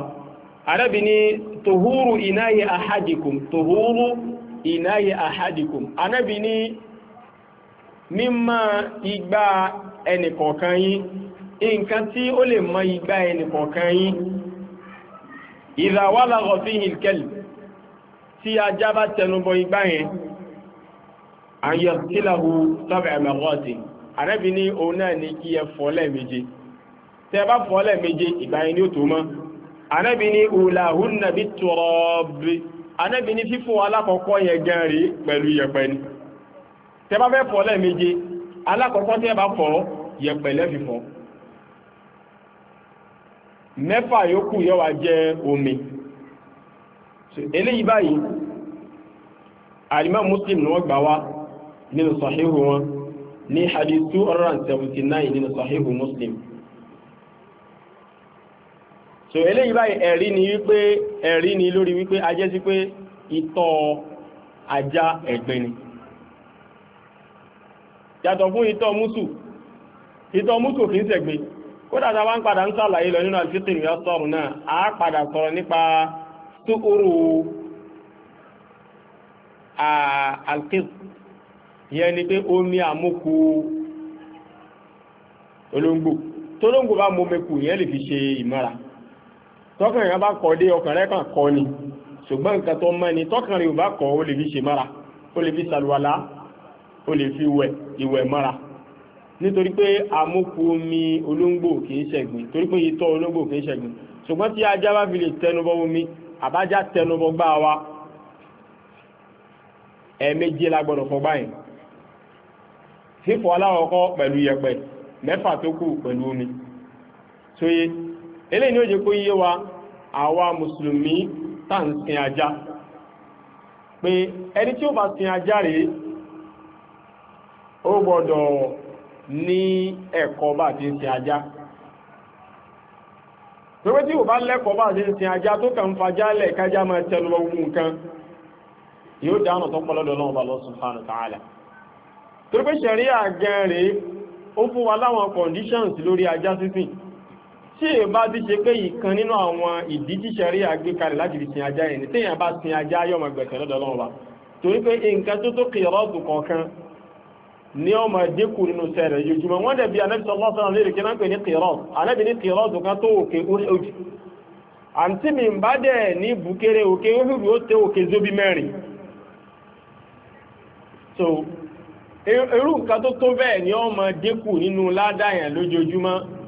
arábì ní tòhúrù ináyé ahadikum tòhúrù ináyé ahadikum arábì ní mímọ́ igbá ẹnìkọ̀ọ̀kan yín nǹkan tí ó lè mọ igbá ẹnìkọ̀ọ̀kan yín idha walagha fihi al-kalb tí ajá bá tẹnubọ igbá yẹn àyẹ̀ tíláhù sab'a marrat arábì òun náà ní kí ẹ fọ́ lẹ́ẹ̀méje tẹ́ bá fọ́ lẹ́ẹ̀méje ìgbà yẹn ni ó tó mọ́ anábi ni ulahunna bit turab anábi ni fífò alákọ̀ọ́kọ́ yẹn gan rí pẹ̀lú yẹ̀pẹ̀ ni tẹ́ bá fẹ́ fọ̀ lẹ́ẹ̀méje alákọ̀ọ́kọ́ tẹ́ bá fọ̀ yẹ̀pẹ̀ lẹ́fìfọ̀ mẹ́fà yòókù yó wá jẹ́ omi eléyìí báyìí alimá muslim ni wọ́n gbà wá nínú sahihu wọn ní hadithu 179 nínú sahihu muslim so eléyìí báyìí eri ni wípé ẹ̀rí ni lórí wípé ajẹ́ sí pé ìtọ̀ ajá ẹ̀gbin ni yàtọ̀ fún ìtọ̀ mútù ìtọ̀ mútù kìí ṣẹ̀gbin kódà tá a bá ń padà ń sàlàyé lọ nínú àfitìrì yọ sọ̀rọ̀ náà a padà sọ̀rọ̀ nípa tóóró alkis yẹn ni pé omi àmúkú olóńgbò tólóńgbò bá mú omi kù yẹn lè fi ṣe ìmọ́ra tọ́kàn èèyàn bá kọ́ dé ọkàn rẹ̀ kàn kọ́ ni ṣùgbọ́n nǹkan tó mọ́ ni tọ́kàn rẹ̀ ò bá kọ́ ó lè fi ṣe mára ó lè fi ṣàlùwàlá ó lè fi wẹ̀ ìwẹ̀ mára nítorí pé amókù omi olóńgbò kì í ṣẹ̀gbìn torí pé itọ́ olóńgbò kì í ṣẹ̀gbìn ṣùgbọ́n tí ajá bá fi lè tẹnubọ omi àbájá tẹnubọ gbá wa ẹ̀ẹ̀mejì la gbọ́dọ̀ fọ báyìí fífọ aláwọ̀kọ́ pẹ̀lú yẹ̀pẹ̀ mẹ́fà tó kù pẹ̀lú omi sóyé so, eléyìí ni ó jẹ́ kó yé wa àwa mùsùlùmí tá ń sin ajá pé ẹni tí ó bá sin ajá rèé ó gbọ́dọ̀ ní ẹ̀kọ́ bá ti ń sin ajá pẹ̀lú tí ò bá lẹ́kọ̀ọ́ bá ti sin ajá tó kàn fajá lẹ̀ kájá máa tẹnu lọ wú nǹkan yóò dáhùn tó pọ̀ náà bá lọ subhanahu wa ta'ala torí pé ṣẹ̀ríà gan conditions lórí ajá sísìn tí èyàn bá ti ṣe pé ìkan nínú àwọn ìdí tíṣẹ̀rí àgbékalẹ̀ láti fi sin ajá yẹn ni téèyàn bá sin ajá yóò máa gbẹ̀sẹ̀ lọ́dọ̀ Ọlọ́run wa torí pé nǹkan tó tó kìrọ́ọ̀tù kọ̀ọ̀kan ní ọmọ dínkù nínú sẹ́rẹ̀ yójúmọ́ wọ́n dẹ̀ bí Ànábì sallallahu bukere òkè ojú ó so irú nǹkan tó tó bẹ́ẹ̀ ni ọmọ dínkù nínú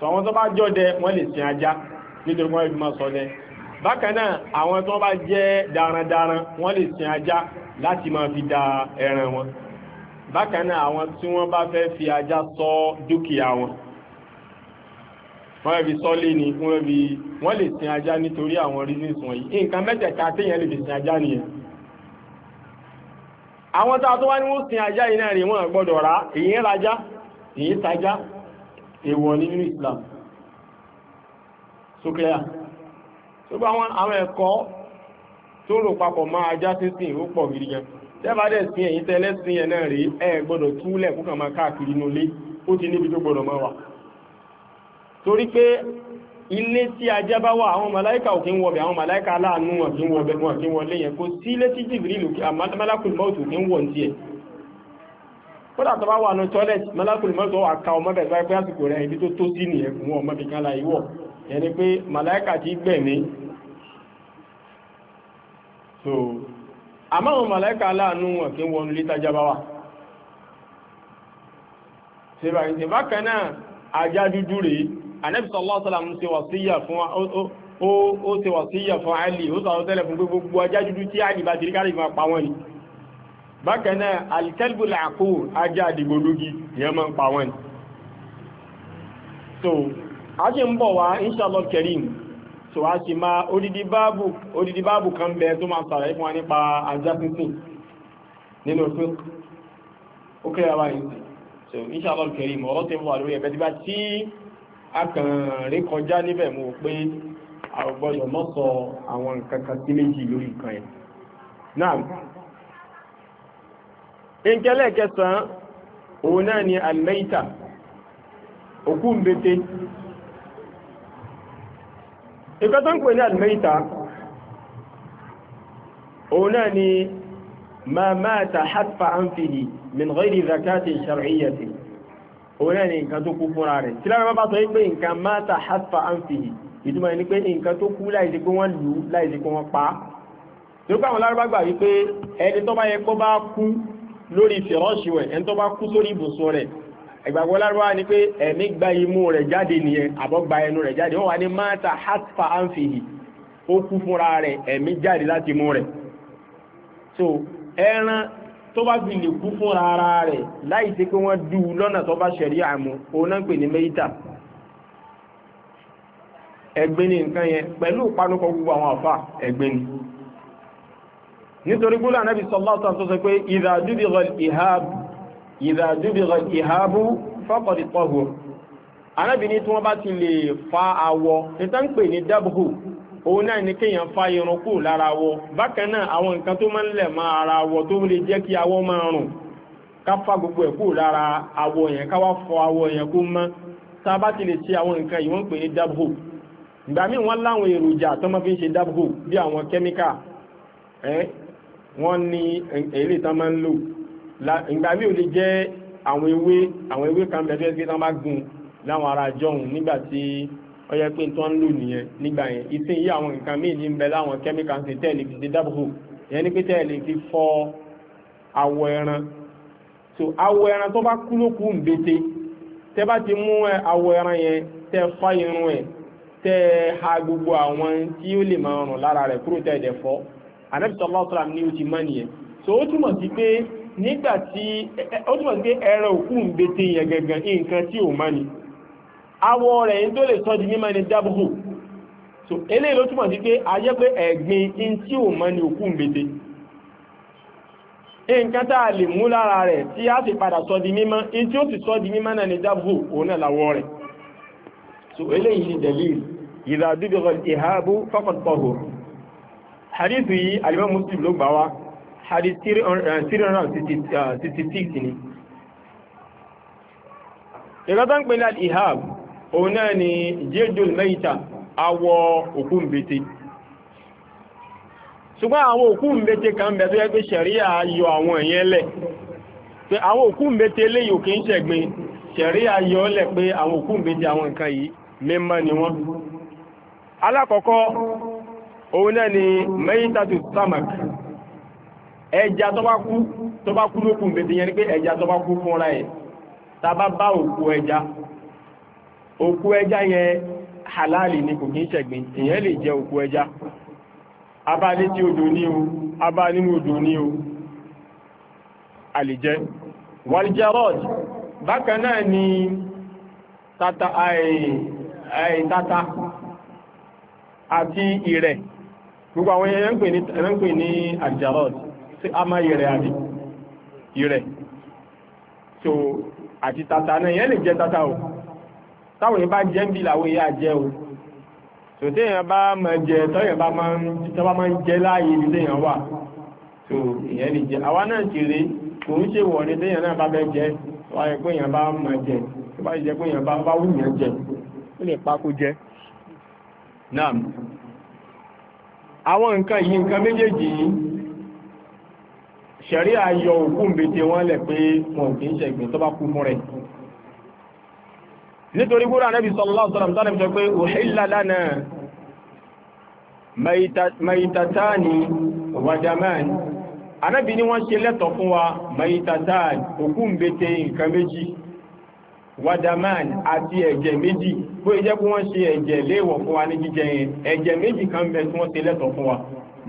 sọ àwọn tó bá jọdẹ wọ́n lè sin ajá nítorí wọ́n ìgbìmọ̀ sọdẹ bákan náà àwọn tó bá jẹ́ darandaran wọ́n lè sin ajá láti máa fi da ẹran wọn bákan náà àwọn tí wọ́n bá fẹ́ fi ajá ṣọ́ dúkìá wọn wọ́n fi sọ́lé ni wọ́n fi wọ́n lè sin ajá nítorí àwọn reasons wọ̀nyí nǹkan mẹ́tẹ̀ẹ̀ta téèyàn lè fi sin ajá nìyẹn àwọn tó wá ní wọ́n sin ajá yìí náà rí wọ́n gbọ́dọ̀ rà èyí ń rajá èyí tajá èwọ̀ nínú Islam So So clear. sókèyà ṣùgbọ́ àwọn ẹ̀kọ́ tó rò papọ̀ máa ajá sí sí ìwó pọ̀ gidi gan tẹ́bà dẹ̀ sí ẹ̀yìn tẹ́lẹ̀ sí ẹ̀ náà rí ẹ gbọ́dọ̀ túlẹ̀ kúkà máa káàkiri inú ilé ó ti níbi tó gbọ́dọ̀ máa wà torí pé ilé tí ajá bá wà àwọn màláíkà ò kí ń wọbẹ̀ àwọn màláíkà aláàánú wọn kí ń wọlé yẹn kò sí ilé tí jìbìrìlù amálákùnmọ́ọ̀tù kí ń wọ̀ ní tiẹ̀ kódà tó bá wà ní toilet malakul mọ́tò wà ká ọmọ bẹ̀ báyìí pé àsìkò rẹ̀ ibi tó tó sí nìyẹn fún ọmọ bẹ̀ kan láyé wọ̀ yẹn ni pé màláìkà ti gbẹ̀mí so àmọ́ àwọn màláìkà aláàánú wọn kí wọnú lé tájá bá wà ṣèbàkìṣe bákan náà ajá dúdú rèé Ànábì sallallahu alaihi wasallam ṣe wàsíyà fún ó ṣe wàsíyà fún Àlì ó sọ̀rọ̀ tẹ́lẹ̀ fún gbogbo ajá dúdú tí Àlì bá ti rí káàdì máa pa wọ́n ni bákanáà alkalbu làkúr ajá àdìgbòlógí yẹn máa ń pa wọn so a ṣe ń bọ̀ wá inshallah kerim so a ṣe máa odidi báàbù odidi báàbù kan bẹ tó máa sàrẹ̀ fún wa nípa ajáfífìn nínú fún ó kéré wa yìí so inshallah kerim ọ̀rọ̀ tí ń wà lórí ẹ̀bẹ̀ tí bá tí a kàn rí kọjá níbẹ̀ mo pé àgbọ̀yọ̀ mọ́ sọ àwọn nǹkan sí méjì lórí nǹkan yẹn náà nkẹlẹ́ kẹsàn-án òun náà ni almeita òkú mbete ìkọ́tọ́ ń pè ní almeita òun náà ni ma mata hatfa anfihi min ghairi zakati shar'iyyati òun náà ni nǹkan tó kú fúnra rẹ̀ tí lára bá sọ pé nǹkan mata hatfa anfihi ìtumọ̀ ní pé nǹkan tó kú láìsí pé wọ́n lù láìsí pé wọ́n pa tí ó pàwọn lárúbágbà wípé ẹni tó bá yẹ kó bá kú lórí fìránṣì rẹ̀ ẹni tó bá kú sórí ibùsùn rẹ̀ ìgbàgbọ́ lárúbá ni pé ẹ̀mí gba imú rẹ̀ jáde nìyẹn àbọ̀ ẹnu rẹ̀ jáde wọ́n wà ní mata hasfa anfihi ó kú fúnra rẹ̀ ẹ̀mí jáde láti imú rẹ̀ so ẹran tó bá fi lè kú fúnra ara rẹ̀ láì sí pé wọ́n dú lọ́nà tó bá ṣẹ̀rí àmú òun pè ní mẹ́yítà ẹgbẹ́ ni nǹkan yẹn pẹ̀lú ìpanukọ gbogbo àwọn àfà ẹgbẹ́ ni nítorí gúlù ànábì sallallahu alaihi wasallam tó sọ pé idha dubigha al-ihabu idha dubigha al-ihabu faqad tahur ànábì ní tí wọ́n bá ti lè fa awọ nítorí pé ní dábùhù òun náà ní kéèyàn fa irun kù lára awọ bákan náà àwọn nǹkan tó máa ń lẹ̀ máa ara awọ tó lè jẹ́ kí awọ máa rùn ká fa gbogbo ẹ̀ lára awọ yẹn ká wá fọ awọ yẹn kó mọ́ tá a bá ti lè ṣe àwọn nǹkan yìí pè ní dábùhù ìgbà míì wọ́n láwọn èròjà tó máa fi ń ṣe dábùhù bí àwọn kẹ́míkà wọ́n ní èlé tán máa ń lò ìgbà mí ò lè jẹ́ àwọn ewé àwọn ewé kan bẹ̀rẹ̀ tó yẹ tán bá gùn láwọn ará jọ̀hún nígbà tí ó yẹ pé tán ń lò nìyẹn nígbà yẹn ìsìn yí àwọn nǹkan míì ní ń bẹ láwọn kẹ́míkà ń ṣe tẹ́ẹ̀lì fi ṣe dábòbò ìyẹn ní pé tẹ́ẹ̀lì fi fọ awọ ẹran so awọ ẹran tó bá kú ló kú ń bété tẹ́ bá ti mú awọ ẹran yẹn tẹ́ fá irun ẹ̀ tẹ́ ha gbogbo àwọn tí ó lè máa rùn lára rẹ̀ kúrò tẹ́ ẹ̀dẹ̀ fọ́ anábìtọ́lọ́tọ́lá ní ó ti mọ́ so ó túmọ̀ sí pé nígbà tí ó túmọ̀ sí ni awọ rẹ̀ ń tó lè sọ so eléyìí ló túmọ̀ sí pé ajẹ́ pé ẹ̀gbin in tí ò mọ́ ni òkú ń bete nǹkan tá a lè mú lára rẹ̀ tí a sì padà sọ di mímọ́ in tí ó sì sọ di mímọ́ náà ni dábùkù òun náà làwọ̀ rẹ̀ so eléyìí ni dẹ̀lí ìdádúgbò ìhábù fọ́kàntọ́hùrù hadithu yi alimọ́ muslim ló gbà wá hadith 366 eh, eh, ni ìrọ́tọ́ ń al-ihab òun náà ni jildul maita awọ òkú Bete. ṣùgbọ́n àwọn òkú bete kan bẹ̀ tó yẹ pé ṣẹ̀ríà yọ àwọn èèyàn lẹ̀ pé àwọn bete le yi kí ń ṣẹ̀gbin ṣẹ̀ríà yọ lẹ̀ pé àwọn òkú bete àwọn nǹkan yìí ni wọ́n òun náà ni mẹ́yìntàtù samak ẹja tó bá kú tó bá kú lókùn yẹn ni pé ẹja tó bá kú ẹ̀ tá bá òkú ẹja òkú ẹja yẹn halali ni kò kí ń ṣẹ̀gbìn èyàn lè jẹ ẹja odò ní o odò ní o bákan náà ni tata àì tata àti ìrẹ̀ gbogbo àwọn ẹyẹ ń pè ní aljarot tí a máa yẹrẹ àbí yẹrẹ so àti tata náà yẹn lè jẹ tata o táwọn yẹn bá jẹ́ ń bí làwọn yẹn àjẹ́ o so téèyàn bá máa jẹ tọ́yẹ̀ bá máa ń jẹ láàyè ibi téèyàn wà so ìyẹn lè jẹ àwa náà sì rí kò ń ṣe wọ̀ ní téèyàn náà bá bẹ́ jẹ wáyé pé àwọn nǹkan yìí nǹkan méjèèjì yìí ṣẹ̀rí ayọ̀ òkú mbètè wọn lẹ̀ pé wọn kì í ṣẹ̀gbìn tó bá kú fún rẹ̀ nítorí gbúra nẹ́bí sallallahu alaihi wasallam tánàbí sọ pé uhilla lana maitatani wajaman anábì ni wọ́n ṣe lẹ́tọ̀ fún wa maitatani òkú mbètè wadaman àti ẹ̀jẹ̀ méjì bó ìjẹ́ kí wọ́n ṣe ẹ̀jẹ̀ léèwọ̀ fún wa ní jíjẹ yẹn ẹ̀jẹ̀ méjì kan bẹ tí wọ́n ṣe lẹ́tọ̀ fún wa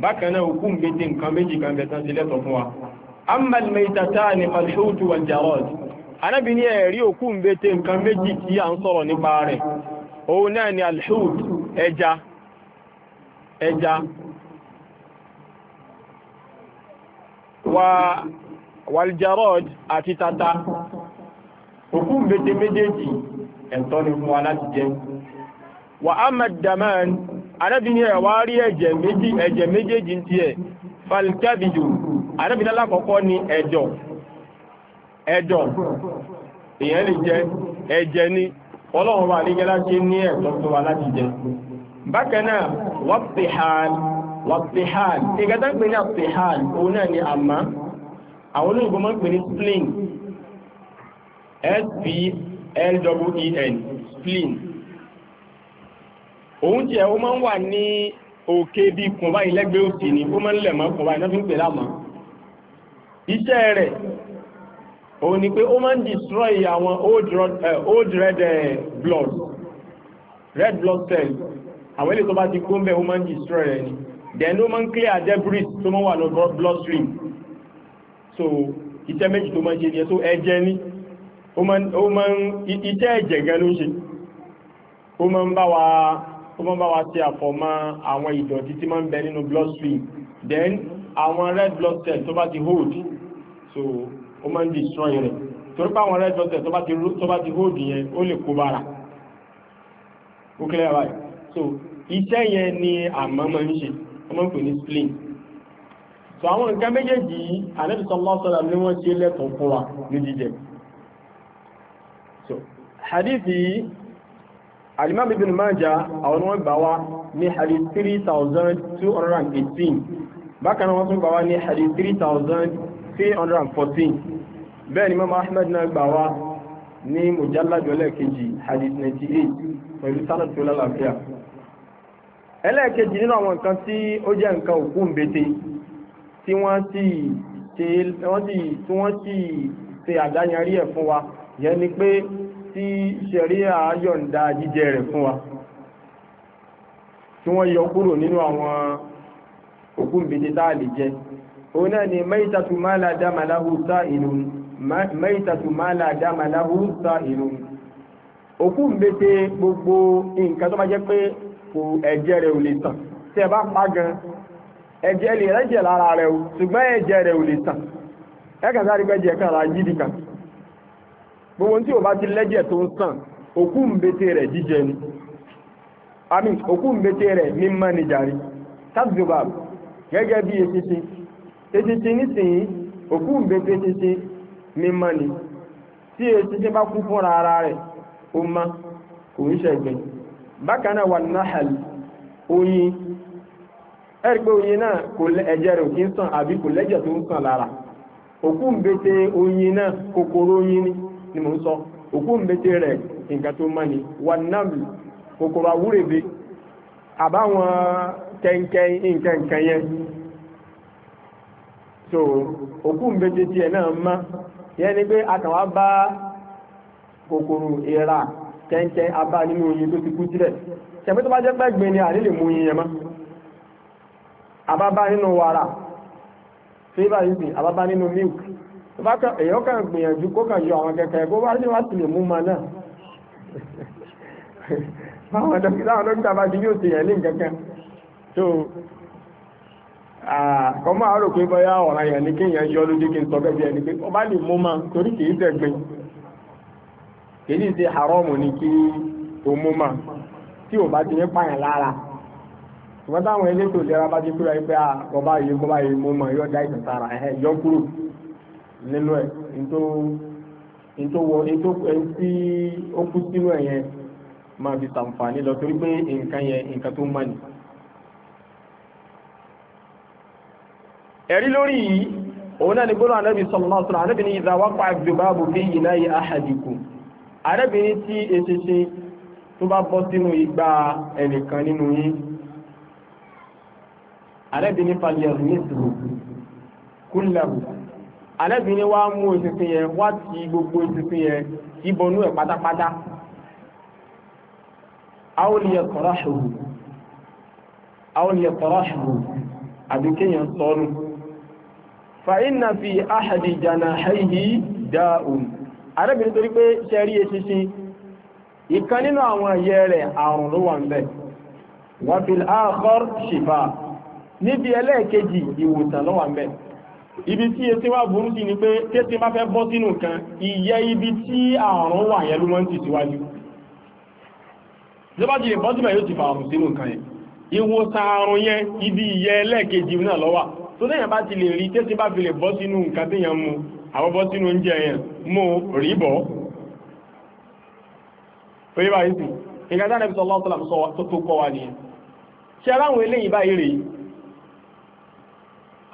bákan òkú mbete nǹkan méjì kan bẹ tí wọ́n lẹ́tọ̀ fún wa amal maitatani falhutu wal jarad anábì ní ẹ̀rí òkú mbete nǹkan méjì tí à ń sọ̀rọ̀ nípa rẹ̀ òun náà ni alhut ẹja ẹja wa wal jarad àti tata òkú méje méjèèjì ẹ̀tọ́ ni fún wa láti jẹ wà á mẹ́ dàmán arábìnrin ẹ̀ wá rí ẹ̀jẹ̀ méjì ẹ̀jẹ̀ méjèèjì arábìnrin alákọ̀ọ́kọ́ ni ẹ̀dọ̀ ẹ̀dọ̀ èèyàn jẹ ẹ̀jẹ̀ wa láti bákan náà ní òun S-P-L-E-N spleen òun jẹ́ ó máa ń wà ní òkè bí kùnbá ilẹ́gbẹ́ òsì ni ó máa ń lẹ̀ mọ́ kùnbá iná fi ń pè láàmọ́ iṣẹ́ rẹ̀ òun ni pé ó máa ń destroy àwọn old, eh, old red eh, blood red blood cells àwọn ilé tó bá ti kó ń bẹ́ ó máa ń destroy rẹ̀ ni then ó máa ń clear debris tó máa wà lọ blood so iṣẹ́ méjì tó máa ń ṣe ni ẹ so ẹ̀jẹ̀ ni ó mọ́ iṣẹ́ ẹ̀jẹ̀ gan ló ń ṣe ó mọ́ ń bá wa ṣe àfọ̀mọ́ àwọn ìdọ̀tí tí máa ń bẹ nínú blood stream then àwọn red blood cell tó bá ti hold so ó máa ń destroy rẹ̀ torí àwọn red blood cell tó bá ti hold yẹn ó lè kó bára ó clear right so iṣẹ́ yẹn ni àmọ́ máa ń ṣe wọ́n máa ń pè ní spleen so àwọn nǹkan méjèèjì yìí àlẹ́bìsọ̀ lọ́sọ̀rọ̀ ni wọ́n ṣe lẹ́tọ̀ọ́ fún wa ní jíjẹ hadithi alimami bin maja àwọn wọn gbà wá ní hadith 3218 bákan náà wọ́n tún gbà wá hadith 3314 bẹ́ẹ̀ ni mama ahmed náà gbà wá ní mujalladu ẹlẹ́ẹ̀kejì hadith 98 pẹ̀lú sanad tó lálàáfíà ẹlẹ́ẹ̀kejì nínú àwọn nǹkan tí ó jẹ́ nǹkan òkú mbete tí wọ́n ti ṣe àdáyarí ẹ̀ fún wa yẹn ni pé tí ṣẹ̀ríà yọ̀ǹda jíjẹ rẹ̀ fún wa tí wọ́n yọ kúrò nínú àwọn òkun bèèrè lè jẹ o náà ni maitatu ma la dama lahu maitatu ma la dama lahu sa'ilun gbogbo nǹkan tó jẹ́ pé kò ẹ̀jẹ̀ rẹ̀ ò lè tàn bá pa gan lè rẹ́jẹ̀ lára rẹ̀ ò ṣùgbọ́n rẹ̀ gbogbo tí ti lẹ́jẹ̀ tó ń sàn òkú mbete rẹ̀ jíjẹ ni àmín òkú mbete rẹ̀ ní mánìjàrí tábìlìbà gẹ́gẹ́ bí eṣinṣin eṣinṣin nísìnyí òkú mbete ṣinṣin ní mánì tí eṣinṣin bá kú ara rẹ̀ ó má kò ń ṣẹ̀gbìn bákan wà náhàlì oyin ẹ̀rí oyin náà kò ẹ̀jẹ̀ rẹ̀ ń sàn àbí kò ni mò ń sọ òkú mbete rẹ̀ nǹkan tó mọ́ ni wanami kòkòrò àwúrèbe àbáwọn kẹ́ńkẹ́ nǹkan nǹkan yẹn so òkú mbete tiẹ̀ náà mọ́ yẹn ni pé akàn wá bá kòkòrò ìra kẹ́ńkẹ́ abá nínú oyin tó ti kú sílẹ̀ ṣẹ̀fẹ́ tó bá jẹ́ pẹ́gbẹ́ ni àrí lè mú oyin yẹn mọ́ àbábá nínú wàrà fíbà yìí àbábá nínú milk èyàn kàn gbìyànjú kó kàn yọ àwọn kẹ̀kẹ́ bó bá ní wá sí lè mú ma náà báwọn dókítà àwọn dókítà bá ti yóò ti yẹn ní kankan tó kọ́ máa rò pé bóyá ọ̀ràn yẹn ni kéèyàn yọ lójú kí n sọ bẹ́ẹ̀ bí ẹni pé ọba lè mú ma torí kìí ṣẹ̀gbin kìí ṣe haramu ni kí o mú ma tí o bá ti ní pààyàn lára ṣùgbọ́n táwọn elétò ìlera bá ti kúrò yìí pé ọba yìí kó bá yìí mú ma yọ dá ìtàn sára ẹ̀ yọ kúrò nínú ẹ̀ tí ó kú sínú ẹ̀ yẹn máa fi sàǹfààní lọ torí pé nǹkan yẹn nǹkan tó mọ̀ ní. ẹ̀rí lórí yìí òun náà ni gbọ́nà anábì sallallahu alaihi ní idha waqa'a adh-dhubabu fi ina'i ahadikum anábì ní tí eṣinṣin tó bá bọ́ sínú igbá ẹnìkan nínú yín anábì ní falyaghmishu kullahu Ànábì ní wá mú ìsinsin yẹn wá ti gbogbo ìsinsin yẹn ìbọnú ẹ̀ pátápátá àwòlíyẹ kọ̀rọ̀ ṣòro àwòlíyẹ kọ̀rọ̀ ṣòro àbí kéèyàn sọnù fa inna fi ahadi janahayhi da'un Ànábì nítorí pé ṣẹ́rí eṣinṣin ìkan nínú àwọn ẹ̀yẹ rẹ̀ àrùn ló wà ń bẹ̀ wà fil akhar shifa níbi ẹlẹ́ẹ̀kejì ìwòsàn ló ń bẹ̀ ibi tí etí wá burú sí ni pé tẹ́tí má fẹ́ bọ́ sínú kan ìyẹ́ ibi tí àrùn wà yẹn ló mọ́ ń tì síwájú tó bá ti lè bọ́ síbẹ̀ yóò ti fa àrùn sínú kan yẹn ìwòsàn àrùn yẹn ibi ìyẹ́ ẹlẹ́ẹ̀kejì náà lọ́wà tó lẹ́yìn bá ti lè rí tẹ́tí bá fi lè bọ́ sínú nǹkan téèyàn mu àwọn bọ́ sínú oúnjẹ yẹn mú rí bọ́ pé báyìí sì ìgbàdá nẹ́bí sọ́lá sọ́lá sọ́wọ́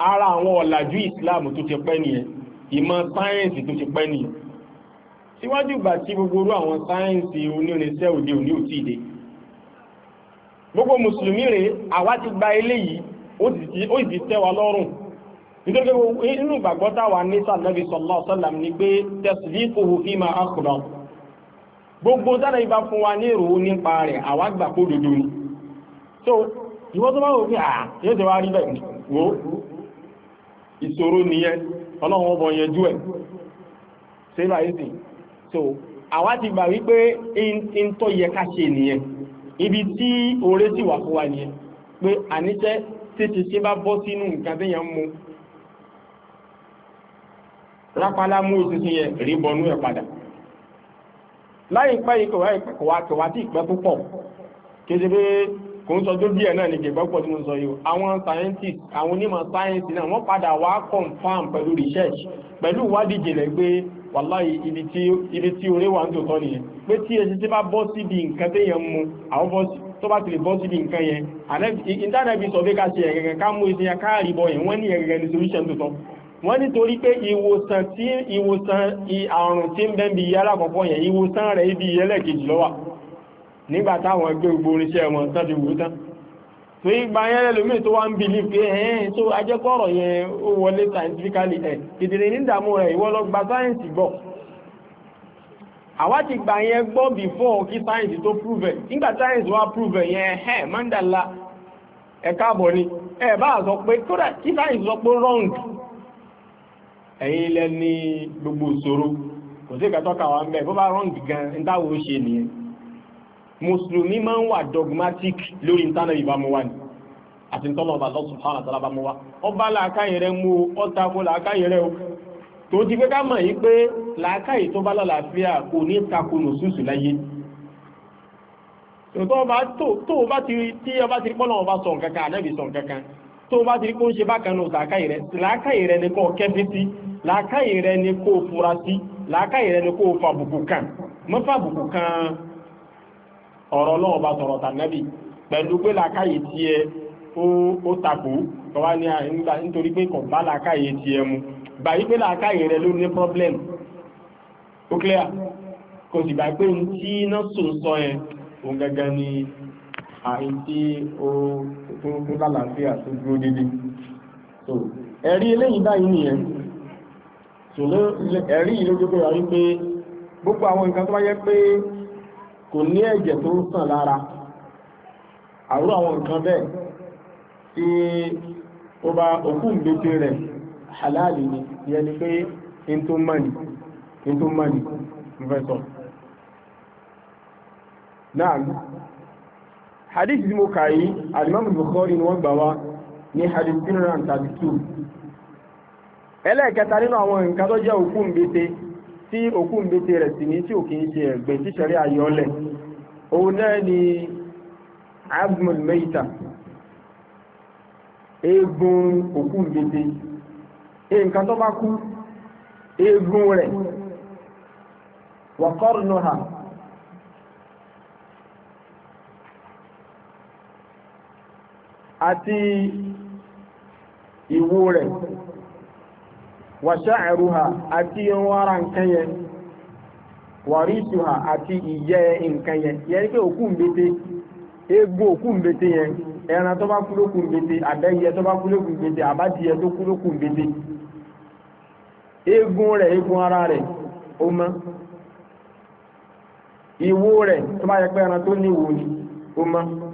ara àwọn ọ̀làjú islam tó ti pẹ́ nìyẹn ìmọ̀ sáyẹ́ǹsì tó ti pẹ́ nìyẹn síwájú ìgbà tí gbogbo orú àwọn sáyẹ́ǹsì onírinṣẹ́ òde òní ò tíì dé gbogbo mùsùlùmí rèé àwa ti gba eléyìí ó sì ti tẹ́ wa lọ́rùn nítorí pé inú ìgbàgbọ́ táwa ní sànàbí sallallahu alaihi wasallam ni pé tasdiquhu fima akhbar gbogbo sára ibà fún wa ní ìròó nípa rẹ̀ àwa gbà kó dodo ni so ìwọ́n tó bá wò pé à ah, yóò tẹ́ wá rí bẹ́ẹ̀ wò ìṣòro nìyẹn ọlọ́run ọbọ̀ yẹn jú ẹ̀ ṣe bá yìí sìn so àwa ti gbà wípé in tó yẹ ká ṣe nìyẹn ibi tí oore sì wà fún wa nìyẹn pé àníṣẹ́ tí ti ṣe bá bọ́ sínú nǹkan tí yẹn ń mu rápálá mú ìsinsin yẹn rí bọnú ẹ̀ padà láì pẹ́ yìí kọ̀wá kọ̀wá ìpẹ́ púpọ̀ kéde kò ń sọ tó díẹ̀ náà ní kìbọ́pọ̀ tí mo sọ yìí àwọn scientist àwọn onímọ̀ sáyẹ́ǹsì náà wọ́n padà wá confam pẹ̀lú research pẹ̀lú ìwádìí ìjìnlẹ̀ pé wàláyé ibi tí orí wà ń tòótọ́ nìyẹn pé tí ẹ̀ṣin tí bá bọ́ síbi nǹkan téèyàn mu àwọn bọ́ sí tó bá ti lè bọ́ síbi nǹkan yẹn ìdánẹ́bí sọ pé ká ṣe ẹ̀gẹ̀gẹ̀ ká mú ìsinyà káàrí bọ yẹn wọ́n ní ẹ̀gẹ̀gẹ̀ ní solution tó tọ́ wọ́n nítorí pé ìwòsàn tí ìwòsàn àrùn tí ń bẹ́ẹ̀ bí iye alákọ̀ọ́kọ́ yẹn ìwòsàn rẹ̀ ibi ẹlẹ́ẹ̀kejì ló nígbà táwọn gbé gbogbo oníṣẹ́ wọn tán ti wù tán tó ìgbà yẹn lẹ́lòmí tó wá ń bìlí pé ẹ̀ẹ́n tó ajẹ́kọ̀rọ̀ yẹn ó wọlé scientifically ẹ̀ kedere ní ìdààmú rẹ̀ ìwọ lọ gba sáyẹ̀nsì gbọ́ àwa ti gbà yẹn gbọ́ before kí sáyẹ̀nsì tó prove ẹ̀ nígbà sáyẹ̀nsì wá prove ẹ̀ yẹn ẹ̀ mandala ẹ̀ káàbọ̀ ni ẹ̀ bá sọ pé kódà kí sáyẹ̀nsì sọ pé wrong ẹ̀yin lẹ ní gbogbo ìṣòro kò sí ìkàtọ́ka wa ń bẹ̀ bó bá wrong gan ń táwọn ó ṣe nìyẹn mùsùlùmí máa ń wà dogmatic lórí ìtànà ìbámu wa ni àti ìtọ́nà ọba Allah subhanahu wa ta'ala bá làákàyè rẹ mú o ọ́tako làákàyè rẹ o tó ti pé ká mọ̀ yí pé làákàyè tó bá lálàáfíà kò ní tako nùsùsù láyé tó o bá ti rí tí ọba ti rí pọ́nà ọba sọ nǹkan kan ànábì sọ nǹkan kan tó o bá ti rí kó ń ṣe bákan nù làákàyè rẹ làákàyè rẹ ni kò kẹfí ọ̀rọ̀ ọlọ́run bá tọ̀rọ̀ tànẹ́bì pẹ̀lú pé làákàyè tiẹ̀ ó takò tọ́wá ní àyíká nítorí pé kò bá làákàyè tiẹ̀ mu báyìí pé làákàyè rẹ ló ní problem ó clear kò sì gbà pé n tí iná sùn sọ yẹn òun gẹ́gẹ́ ni àyí tí ó tó lálàáfíà tó dúró dédé so ẹ̀rí eléyìí báyìí nìyẹn so ẹ̀rí ìlójókòrò wípé gbogbo àwọn nǹkan tó bá pé kò ní ẹ̀jẹ̀ tó ń sàn lára àrú àwọn nǹkan bẹ́ẹ̀ tí ó bá òkú ìgbésẹ̀ rẹ̀ halali ni ìyẹn ni pé into money into money investor náà hadith tí mo kà yìí alimami Bukhari ni wọ́n gbà wá ní hadith 332 ẹlẹ́ẹ̀kẹta nínú àwọn nǹkan tó jẹ́ òkú ìgbésẹ̀ tí òkú ń bete rẹ̀ sì ní tí ò kì í ṣe ẹ̀gbẹ́ tí ṣẹ̀rí ayọ́lẹ̀ òun náà ni abdul meita eegun òkú ń bete nǹkan tó bá kú eegun rẹ̀ wàkọ́rùnù ha àti ìwo rẹ̀. wa sha'ruha àti irun ara nǹkan yẹn wàríṣùhà àti ìyẹ́ nǹkan yẹn yẹn mbete mbete yẹn ẹran tó bá kú lókù mbete àbẹ́yẹ tó bá kú lókù mbete àbádìyẹ tó kú egun rẹ̀ egun ara rẹ̀ ó mọ́ ìwo rẹ̀ tó bá yẹ ni ó mọ́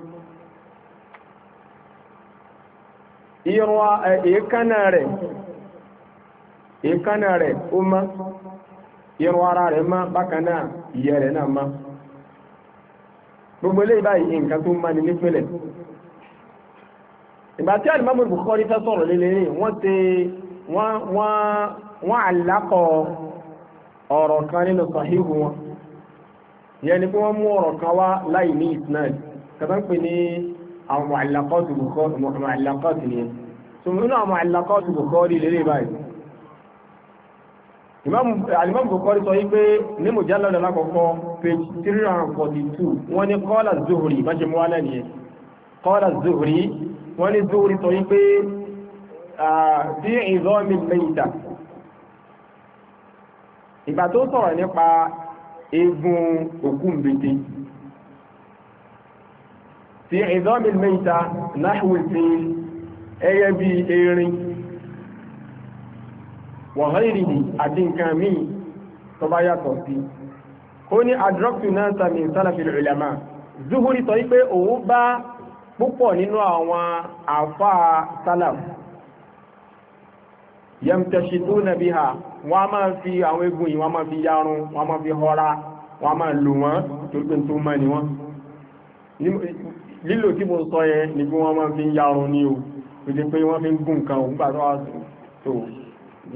èékánná rẹ̀ ó mọ́ irun ara rẹ̀ mọ́ bákan náà ìyẹ́ rẹ̀ náà mọ́ gbogbo eléyìí báyìí nǹkan tó mọ́ ni nípìnlẹ̀ ìgbà tí alimami Bukhari fẹ́ sọ̀rọ̀ lélẹ́yìn wọ́n ti wọ́n àlákọ̀ ọ̀rọ̀ kan nínú sahihu wọn ìyẹn ni pé wọ́n mú ọ̀rọ̀ kan wá láì ní isnad kàtà ń pè ní àwọn àlákọ̀tù Bukhari nìyẹn tòun nínú àwọn àlákọ̀tù Bukhari lélẹ́yìn báyìí alimami Bukhari sọ yìí pé ní mujalla lọ́la kọ̀kọ́ page three hundred forty two wọ́n ní kọ́lá zuhuri bájẹ́ mú wálẹ̀ nìyẹn kọ́lá zuhuri wọ́n ní zuhuri sọ yìí pé sí ìzọ́mi mẹ́ta ìgbà tó sọ̀rọ̀ nípa eegun òkú mbete sí ìzọ́mi mẹ́ta náà wù ẹyẹ bíi erin wọ̀hán ìrìnì àti nǹkan míì tó bá yàtọ̀ sí ó ní adrọ́pù náà sàmì sálàfil ulama zuhuri sọ wípé òun bá púpọ̀ nínú àwọn àfà sálàf yẹmtẹ̀ṣìtú nàbí ha wọ́n a máa fi àwọn egun yìí wọ́n a máa fi yarun wọ́n a máa fi họra wọ́n a máa lò wọ́n torí pé tó mọ́ ni wọ́n lílò tí mo sọ yẹn ni bí wọ́n máa fi yarun ní o kò jẹ́ pé wọ́n fi ń gùn kan òun tó wá tó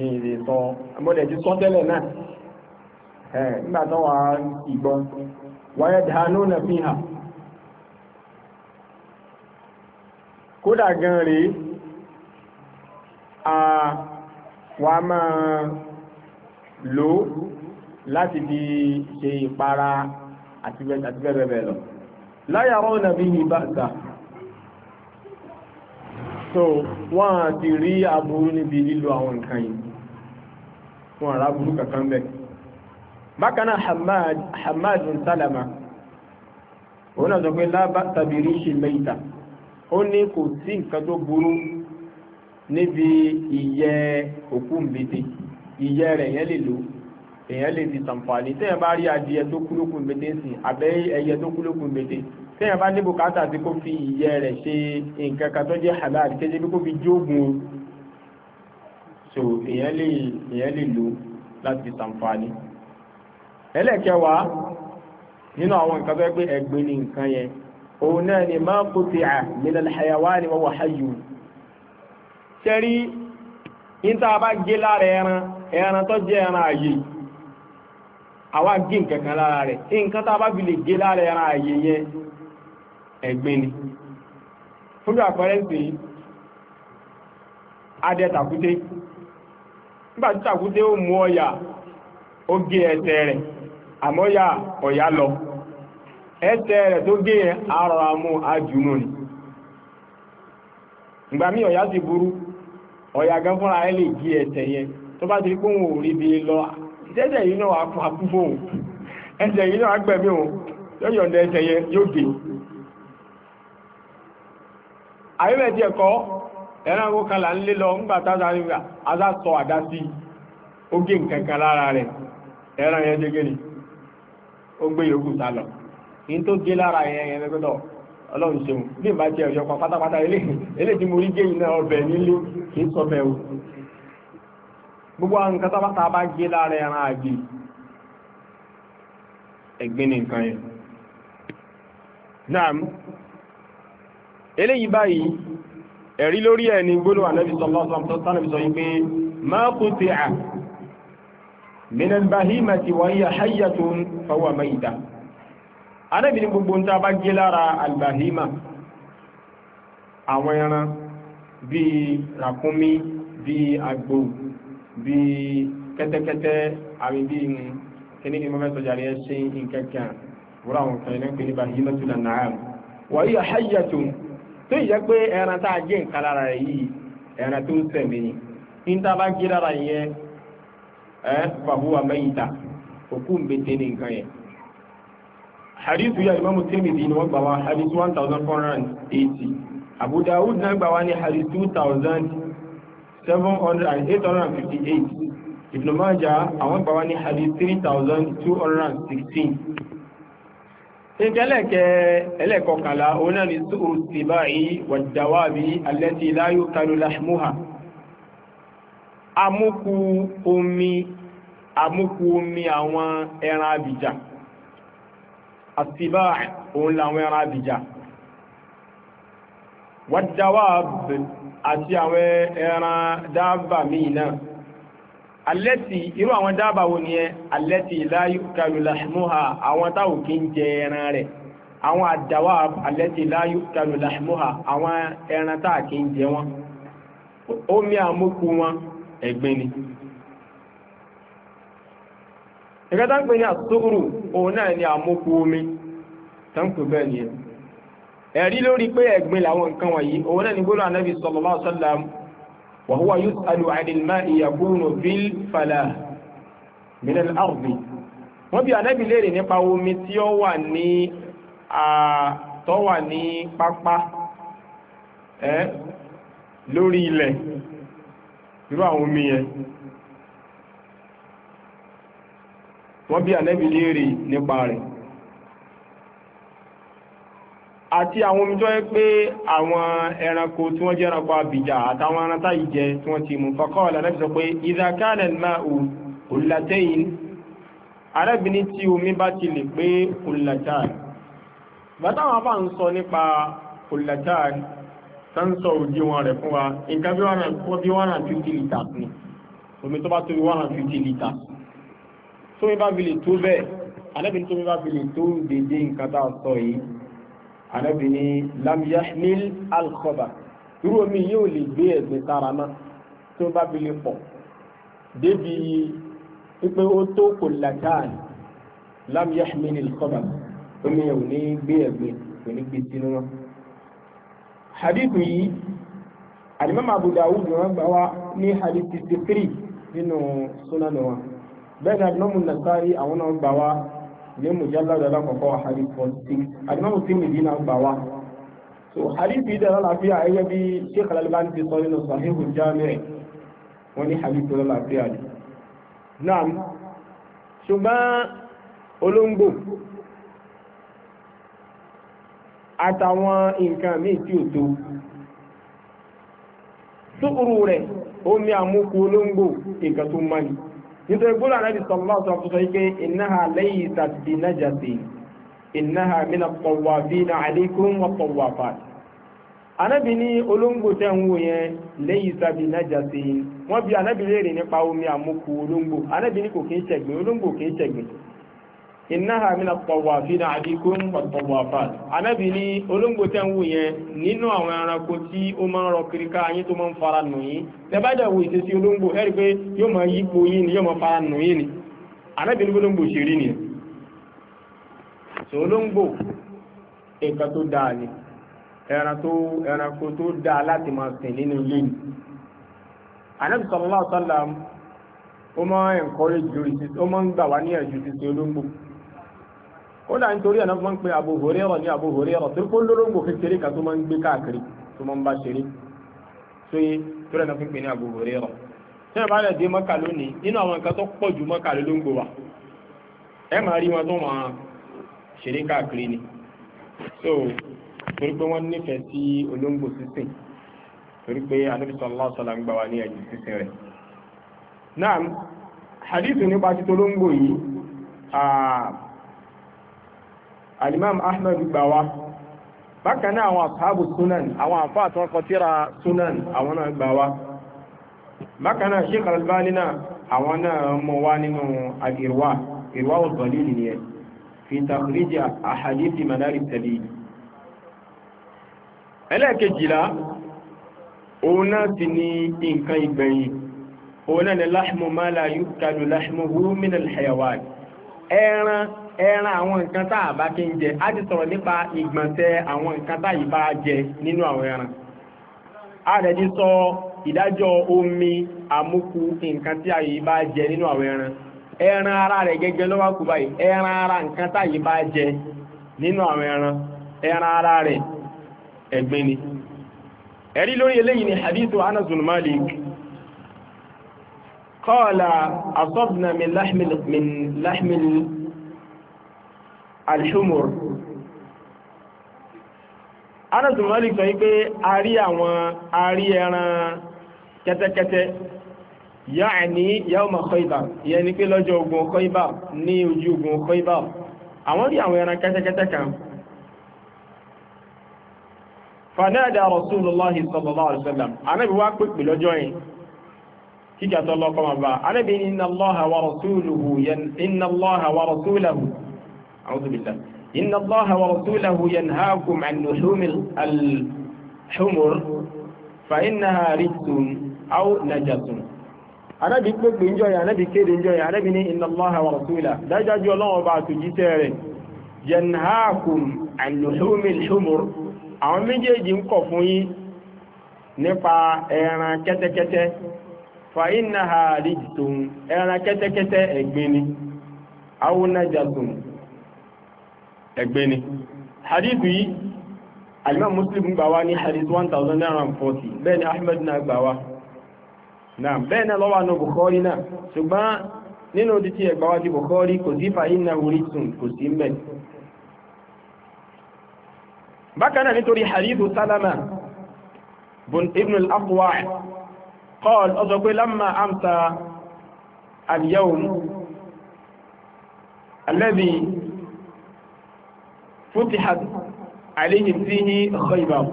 ìrè sọ amọ́lẹ̀ ti sọ tẹ́lẹ̀ náà ẹ̀ nígbà tó wà ìgbọ́n wáyé dàánú nà fi hàn kódà gan rèé a wà máa lò láti fi ṣe ìpara àti bẹ́ẹ̀bẹ́ẹ̀ lọ láyà wọn nàbí ìbáta so wọ́n ti rí aburú níbi lílo àwọn nǹkan yìí wọn ará burú kankan bẹ bákan hamad hamad bin salama òun náà sọ pé lába tàbírí ṣe mẹ́ta ó ní kò sí nǹkan tó burú níbi ìyẹ òkú mbete ìyẹ rẹ̀ yẹn lè lò èèyàn lè fi ṣàǹfààní téèyàn bá rí adìyẹ tó kú lókun mbete sìn àbẹ́ ẹyẹ tó kú mbete téèyàn bá ní bùkátà tí kò fi ìyẹ rẹ̀ ṣe nǹkan kan tó jẹ́ halal kéde bí kò fi jógun o. so èèyàn lè èèyàn lè lò láti ṣàǹfààní ẹlẹ́kẹwàá nínú àwọn nǹkan tó ni nǹkan yẹn òun náà ni máa kó ti à nínú ni wọ́n wà háyù ṣẹ́rí níta bá gé lára ẹran ẹran tó jẹ́ ẹran ààyè àwa gé nǹkan kan lára rẹ̀ nǹkan tá a bá fi lè gé lára ẹran ààyè yẹn ẹ̀gbin ni àpẹẹrẹ sí nígbà tí tàkúté ó mú ọya ó gé rẹ̀ àmọ́ ya ọ̀yà lọ ẹsẹ̀ rẹ̀ tó gé yẹn àrọ̀ àmú ajùmọ̀ ni mí ti burú ọ̀yà gan fúnra ẹ lè yẹn tó bá ti kóhùn òrí bí lọ yìí náà wà yìí náà gbẹ̀mí òun yóò yẹn yóò ẹranko kan là ń lé lọ ńgbà tásáré azá sọ àdá sí ó nǹkan kan lára rẹ̀ ẹran yẹn jẹ́ ó gbé sá lọ ní tó gé lára yẹn yẹn lẹ́gbẹ́dọ̀ ọlọ́run ṣeun bí ìbá tí ẹ̀ṣọ́ pátápátá ilé tí mo rí gé iná ọbẹ̀ nílé kìí sọ bẹ̀ o gbogbo àwọn nǹkan bá gé lára ẹran ẹ̀rí lórí ẹ̀ ní gbóló ànábì sallallahu alaihi wasallam sánàbì sọ wípé ma quti'a min al-bahimati wa hiya hayyatun fa huwa mayta ànábì ní gbogbo nta bá gé lára albahima àwọn ẹran bíi ràkúnmí bíi àgbò bíi kẹ́tẹ́kẹ́tẹ́ àmì bíi kíní tó ìjẹ́ pé ẹran tá a jẹ́ nǹkan lára rẹ̀ yìí ẹran tó ń sẹ̀mí ni níta bá gé lára yẹn ẹ fàbúwà mẹ́yìntà òkú ń bete ní nǹkan yẹn. hadithu ya imamu tirmidhi ni wọ́n gbà wá hadith one thousand four hundred and eighty abu dawud náà gbà wá ní hadith two thousand seven hundred and eight hundred and fifty eight ibn majah àwọn gbà wá ní hadith three thousand two hundred and sixteen. ìkẹlẹ̀kẹ́ ẹlẹ́kọ̀kàlá oná ni sùúrù ti báyìí wàdàwàbí alẹ́tí láyò kalu lahmuha amúkú omi amúkú omi àwọn ẹran abìjà àtibá òun làwọn ẹran abìjà wàdàwàbí àti àwọn ẹran dáàbà míì náà alẹ́tì irú àwọn dábà wo ni ẹ alẹ́tì láyú àwọn táwò kí ń jẹ ẹran rẹ̀ àwọn àdáwà alẹ́tì láyú àwọn ẹran táà kí ń jẹ wọn omi àmúkú wọn ẹ̀gbin ni ìgbẹ́ta ń pè ní àtúrù òun náà ni àmúkú omi tánkù bẹ́ẹ̀ ni ẹ̀rí lórí pé ẹ̀gbin làwọn nǹkan wọ̀nyí òun náà ni gbọ́dọ̀ anábì وهو يسأل عن الماء يكون في الفلاة من الأرض wọ́n bí anábì léèrè nípa omi tí ó wà ní tó wà ní pápá ẹ́ lórí ilẹ̀ irú àwọn omi yẹn wọ́n bí anábì léèrè nípa rẹ̀ àti àwọn omi tó yẹ pé àwọn ẹranko tí wọ́n jẹ́ ẹranko àbìjà àtàwọn arántá ìjẹ tí wọ́n ti mú faqala Ànábì sọ pé idha kana al-ma'u qullatayn arábìnrin tí omi bá ti lè pé qullatayn bàtàwọn afá ń sọ nípa qullatayn tó ń wọn rẹ̀ fún wa nǹkan bí one hundred fifty litres ni omi tó bá tó bí one hundred fifty litres tómi bá fi lè tó bẹ́ẹ̀ arábìnrin tómi bá fi lè tó dédé nǹkan tá a sọ yìí ànábì ní lam yahmil alkhoba irú omi yóò lè gbé ẹ̀gbin sára mọ́ tí wọ́n bá fi lè pọ̀ débi pípé ó tó kò làtàn lam yahmil alkhoba omi yẹn ò ní gbé ẹ̀gbin kò ní gbé sínú wọn. hadithu yìí alimami abu dawud ni wọ́n gbà wá ní hadith sixty nínú sunan wọn bẹ́ẹ̀ ni alimami nasari àwọn náà gbà wá ní mùjálàdà alákọ̀ọ́kọ́ hadith forty six alimami tí nìdí náà gbà wá so hadith yìí dára láàfíà ẹgbẹ́ bí sheikh alalibani ti sọ nínú sahihu jamiu wọn ní hadith tó láàfíà ni naam ṣùgbọ́n olóńgbò àtàwọn nǹkan míì tí ò tó sùúrù rẹ̀ ó ní àmúkú olóńgbò nǹkan tó mọ́ ni nítorí gbọ́dọ̀ ànábì sallallahu alaihi wasallam yìí pé innaha laysat bi najasin innaha min at-tawwafina alaykum wat-tawwafat ànábì ní olóńgbò tẹ́ ń wò yẹn laysat bi najasin wọ́n bi ànábì léèrè nípa omi àmúkù olóńgbò ànábì ní kò kí ń ṣẹ̀gbìn olóńgbò kì í ṣẹ̀gbìn innaha min at-tawwafina alaykum wat-tawwafat anábì ní olóńgbò tẹ́ yẹn nínú àwọn ẹranko tí ó máa ń rọ kiri yín tó máa ń fara nù yín tẹ́bàdà wo ìṣesí olóńgbò pé yóò máa yípo yín ni yóò máa fara nù yín ni anábì ní olóńgbò ṣe rí nìyẹn so olóńgbò tó dáa ni ẹranko tó dáa láti máa sìn nínú ilé ni anabi sallallahu alaihi wasallam ó máa ń encourage lórí títí ó máa ń gbà wá ní ẹ̀jú títí olóńgbò kódà nítorí ẹ̀nà fún pé Abu Hurairah ní Abu Hurairah tó kó lólóńgbò kékeré kan tó máa ń gbé káàkiri tó máa ń bá ṣeré tó yé torí ẹ̀nà fún pé ní Abu Hurairah tí wọ́n bá lẹ̀ dé Mọ́kà lónìí nínú àwọn nǹkan tó pọ̀ ju Mọ́kà lólóńgbò wa ẹ máa rí wọn tó máa ṣeré káàkiri ni so torí pé wọ́n nífẹ̀ẹ́ sí olóńgbò sísìn torí pé Ànábì sallallahu alimam ahmed gbà wá bákan náà àwọn àfáàbù sunan àwọn àfáà tó kọ tírà sunan àwọn náà gbà wá bákan náà sheikh albani náà àwọn náà mú wá nínú àgìrwá ìrwá òtọ̀lì nìyẹn fi takhrij ahadithi manari sabil ẹlẹ́ẹ̀kejìlá òun náà ti ní nǹkan ìgbẹ̀yìn òun náà ni láhmù má la láhmù hù min ẹran àwọn nǹkan tá a bá kí ń jẹ á ti sọ̀rọ̀ nípa ìgbọ̀nsẹ̀ àwọn nǹkan tá yìí bá jẹ nínú àwọn ẹran a rẹ̀ ti sọ ìdájọ́ omi nǹkan tí a yìí bá jẹ nínú àwọn ẹran ẹran ara rẹ̀ gẹ́gẹ́ lọ́wọ́ kù báyìí ẹran ara nǹkan tá yìí bá jẹ nínú àwọn ẹran ara rẹ̀ egbe ni ẹ̀rí lórí eléyìí ni hadithu alhumur anasun malik sọ wípé a rí àwọn a rí ẹran kẹ́tẹ́kẹ́tẹ́ yáàní yawma Khaybar ìyẹn ni pé lọ́jọ́ ogun Khaybar ní ojú ogun Khaybar àwọn rí àwọn ẹran kẹ́tẹ́kẹ́tẹ́ kan fanada rasulullahi sallallahu alaihi wasallam anabi wá pèpè lọ́jọ́ yìí kíkà tọ́lọ́kọ́ ma bá anabi inna allaha wa أعوذ بالله إن الله ورسوله ينهاكم عن لحوم الحمر فإنها رجس أو نجس Ànábì gbogbo ìjọ yà, Ànábì kéde ìjọ yà, Ànábì ní inna Allaha wa rasulahu, dájájú ọlọ́wọ́ bá tó jí tẹ́rẹ, yanhaakum an luhumil humur, àwọn méjèèjì ń kọ̀ fún yín nípa ẹran kẹ́tẹ́kẹ́tẹ́, fa innaha rijsun, ẹran kẹ́tẹ́kẹ́tẹ́ ẹgbẹ́ ni hadithu yìí alimam muslim gbà wá ní hadith 1940 bẹ́ẹ̀ ni ahmed náà gbà wá náà bẹ́ẹ̀ náà lọ́wọ́ àna bukhari náà ṣùgbọ́n nínú títí ẹgbà wá ti bukhari kò sí fàyín náà orí tún kò sí mẹ́ bákan nítorí hadithu salama ibn al-aqwa قال أصدقوا لما أمسى اليوم الذي فتحت عليهم فيه خيبر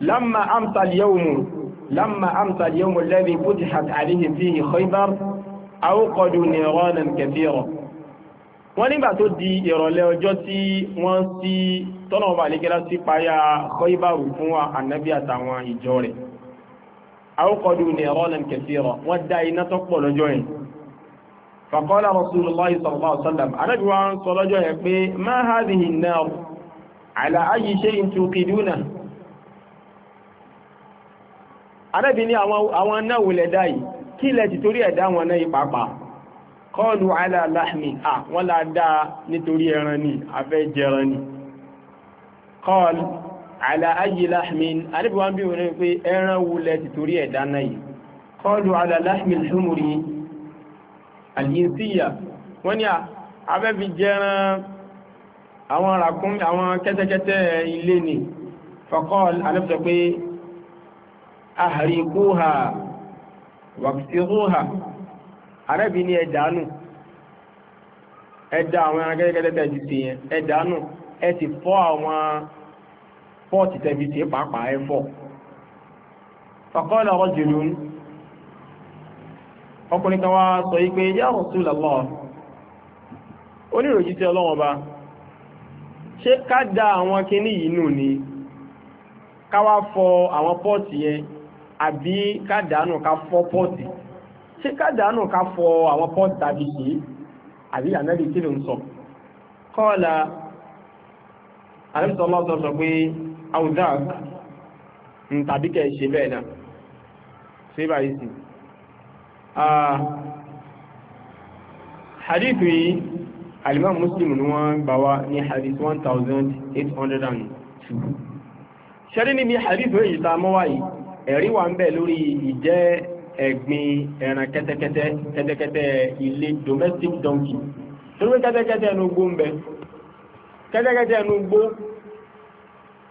لما أمسى اليوم لما أمسى اليوم الذي فتحت عليهم فيه خيبر أوقدوا نيرانا كثيرة wọ́n nígbà tó di ìrọ̀lẹ́ ọjọ́ tí wọ́n sí tọ́nàwọ́ àlégẹ́lá sí payá kọ́íbàrù fún ànábí àtàwọn ìjọ rẹ̀. àwọ́kọ̀dù ní ẹ̀rọ lẹ́nkẹ̀sí rọ̀ wọ́n dá iná tó pọ̀ lọ́jọ́ yìí fàkọ́lá rasulullahi sallallahu alaihi wasallam anábì wa ń sọ lọ́jọ́ yẹn pé ma hadhihi an-nar ala ayyi shay'in tuqiduna anábì ní àwọn náà wulẹ̀ dáì kí ilẹ̀ ti torí ẹ̀dá wọn náà pàápàá kọlu ala lahmi à wọ́n la dá nítorí ẹran ni afẹ́ jẹran ni kọlu ala ayi lahmin ń bí àjíǹsíyà wọ́n ní abẹ́fi jẹran àwọn ràkún àwọn kẹ́tẹ́kẹ́tẹ́ ilé ni faqal alẹ́fẹ́ pé ahriquha waqtiruha arẹ́bí ní ẹ̀dánù ẹ̀dá àwọn ẹran kẹ́tẹ́kẹ́tẹ́ tẹ̀jú sí yẹn ẹ̀dánù ẹ ti fọ́ àwọn pọ́ọ̀tì tẹ̀jú sí pàápàá ẹ̀fọ́ faqala rajulun ọkùnrin kan wá sọ yí pé yá Rasulullah oníròjí tí ọlọ́wọ́ bá ṣe ká da àwọn kíní yìí nù ni ká wá fọ àwọn pọ́ọ̀tì yẹn àbí ká dànù ká fọ pọ́ọ̀tì ṣe ká dànù ká fọ àwọn pọ́ọ̀tì tàbí ṣe àbí ànábì kí ló ń sọ kọ́ọ̀lá àrẹ́sọ̀ hadith yìí alimam muslim ni wọn gbà wá ní hadith 1802 ṣẹ́rí níbi hadith yìí ta mọ́ wáyìí ẹ̀rí wà ń bẹ lórí ìjẹ́ ẹ̀gbin ẹran kẹ́tẹ́kẹ́tẹ́ kẹ́tẹ́kẹ́tẹ́ ilé domestic donkey torí kẹ́tẹ́kẹ́tẹ́ ẹnu gbó ń bẹ kẹ́tẹ́kẹ́tẹ́ ẹnu gbó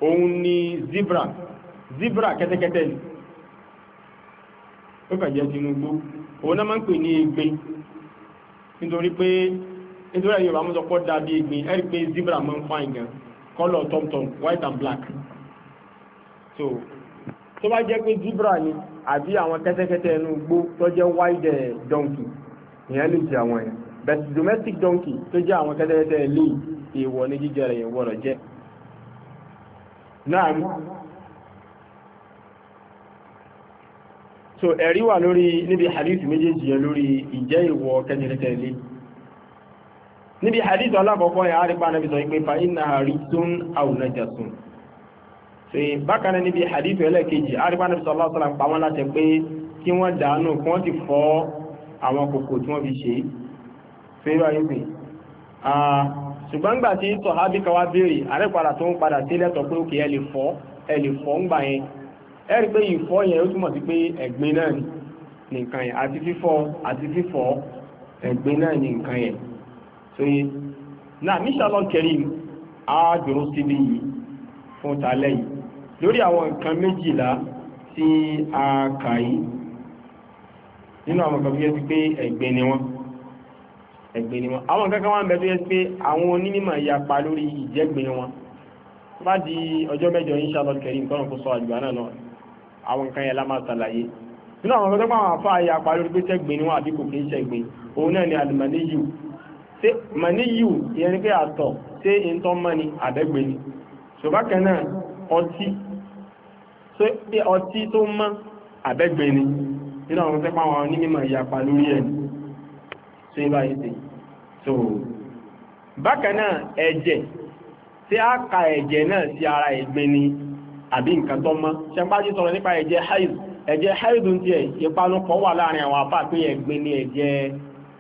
òun ni zebra zebra kẹ́tẹ́kẹ́tẹ́ yìí ó kàn Tinubu òun náà máa ń pè ní egbin nítorí pé nítorí ẹ̀yìn Yorùbá mọ́sọ̀pọ̀ dàbí ẹ̀rí pé zebra máa ń fáìn gan kọ́lọ̀ tọ́mtọ́m white and black so tó bá jẹ́ pé zebra ni àbí àwọn kẹ́tẹ́kẹ́tẹ́ ẹnu gbó tó jẹ́ wide eh, donkey ìyẹn lè jẹ àwọn ẹ̀ but domestic donkey tó jẹ́ àwọn kẹ́tẹ́kẹ́tẹ́ ilé ìwọ̀ ní jíjẹ rẹ̀ ìwọ̀ rẹ̀ jẹ́ náà so ẹ̀rí wà lórí níbi hadith méjèèjì yẹn lórí ìjẹ́ ìwọ kẹ́nìrẹ́tẹ̀lé níbi hadith alákọ̀ọ́kọ́ yẹn àrípa nàbí sọ pé fa iná àrí tún àwùnájà so bákan náà níbi hadith ẹlẹ́kejì àrípa nàbí sọ aláṣọ́lá pa wọ́n láti pé kí wọ́n dànù kí wọ́n ti fọ́ àwọn kòkò tí wọ́n fi ṣe fẹ́rẹ́ ayé ṣùgbọ́n gbà tí sọ̀hábí kan ẹ̀rí pé ìfọ́ yẹn ó túmọ̀ sí pé ẹ̀gbin náà ni nǹkan yẹn àti fífọ́ àti fífọ́ ẹ̀gbin náà ni nǹkan yẹn so yé náà níṣàlọ́ kẹrí a dúró síbi yìí fún talẹ́ yìí lórí àwọn nǹkan méjìlá tí a kà yìí nínú àwọn kan tó yẹ sí pé ẹ̀gbin ni wọ́n ẹ̀gbin ni wọ́n àwọn nǹkan kan wà ń bẹ tó yẹ sí pé àwọn onímọ̀ yapa lórí ìjẹ́gbin wọn bá di ọjọ́ mẹ́jọ inshallah karim nǹkan kó sọ àjùbá náà lọ́wọ́ àwọn nǹkan yẹn la máa ṣàlàyé nínú àwọn ọ̀rọ̀ àwọn àfá ayé àparí orí pé ṣẹ́gbìn níwọ̀n àbí kò kìí ṣẹ́gbìn òun náà ni alìmọ̀níyù ṣe mọ̀níyù ìyẹn ni pé àtọ̀ ṣe ìntọ́ mọ́ni àdẹ́gbẹ̀ ni ṣùgbọ́n náà ọtí tó mọ́ àdẹ́gbẹ̀ ni nínú àwọn ọ̀rọ̀ àwọn onímọ̀ ìyapa lórí ẹ̀ ṣe báyìí ṣe so bákan náà ẹ̀jẹ̀ ka ẹ̀jẹ̀ náà sí ara ni àbí nǹkan tó mọ́ ṣẹ́pájú sọ̀rọ̀ nípa ẹ̀jẹ̀ haiz ẹ̀jẹ̀ haizun ti ẹ̀ ìpanupọ̀ wà láàrin àwọn àpá pé ẹ̀gbin ní ẹ̀jẹ̀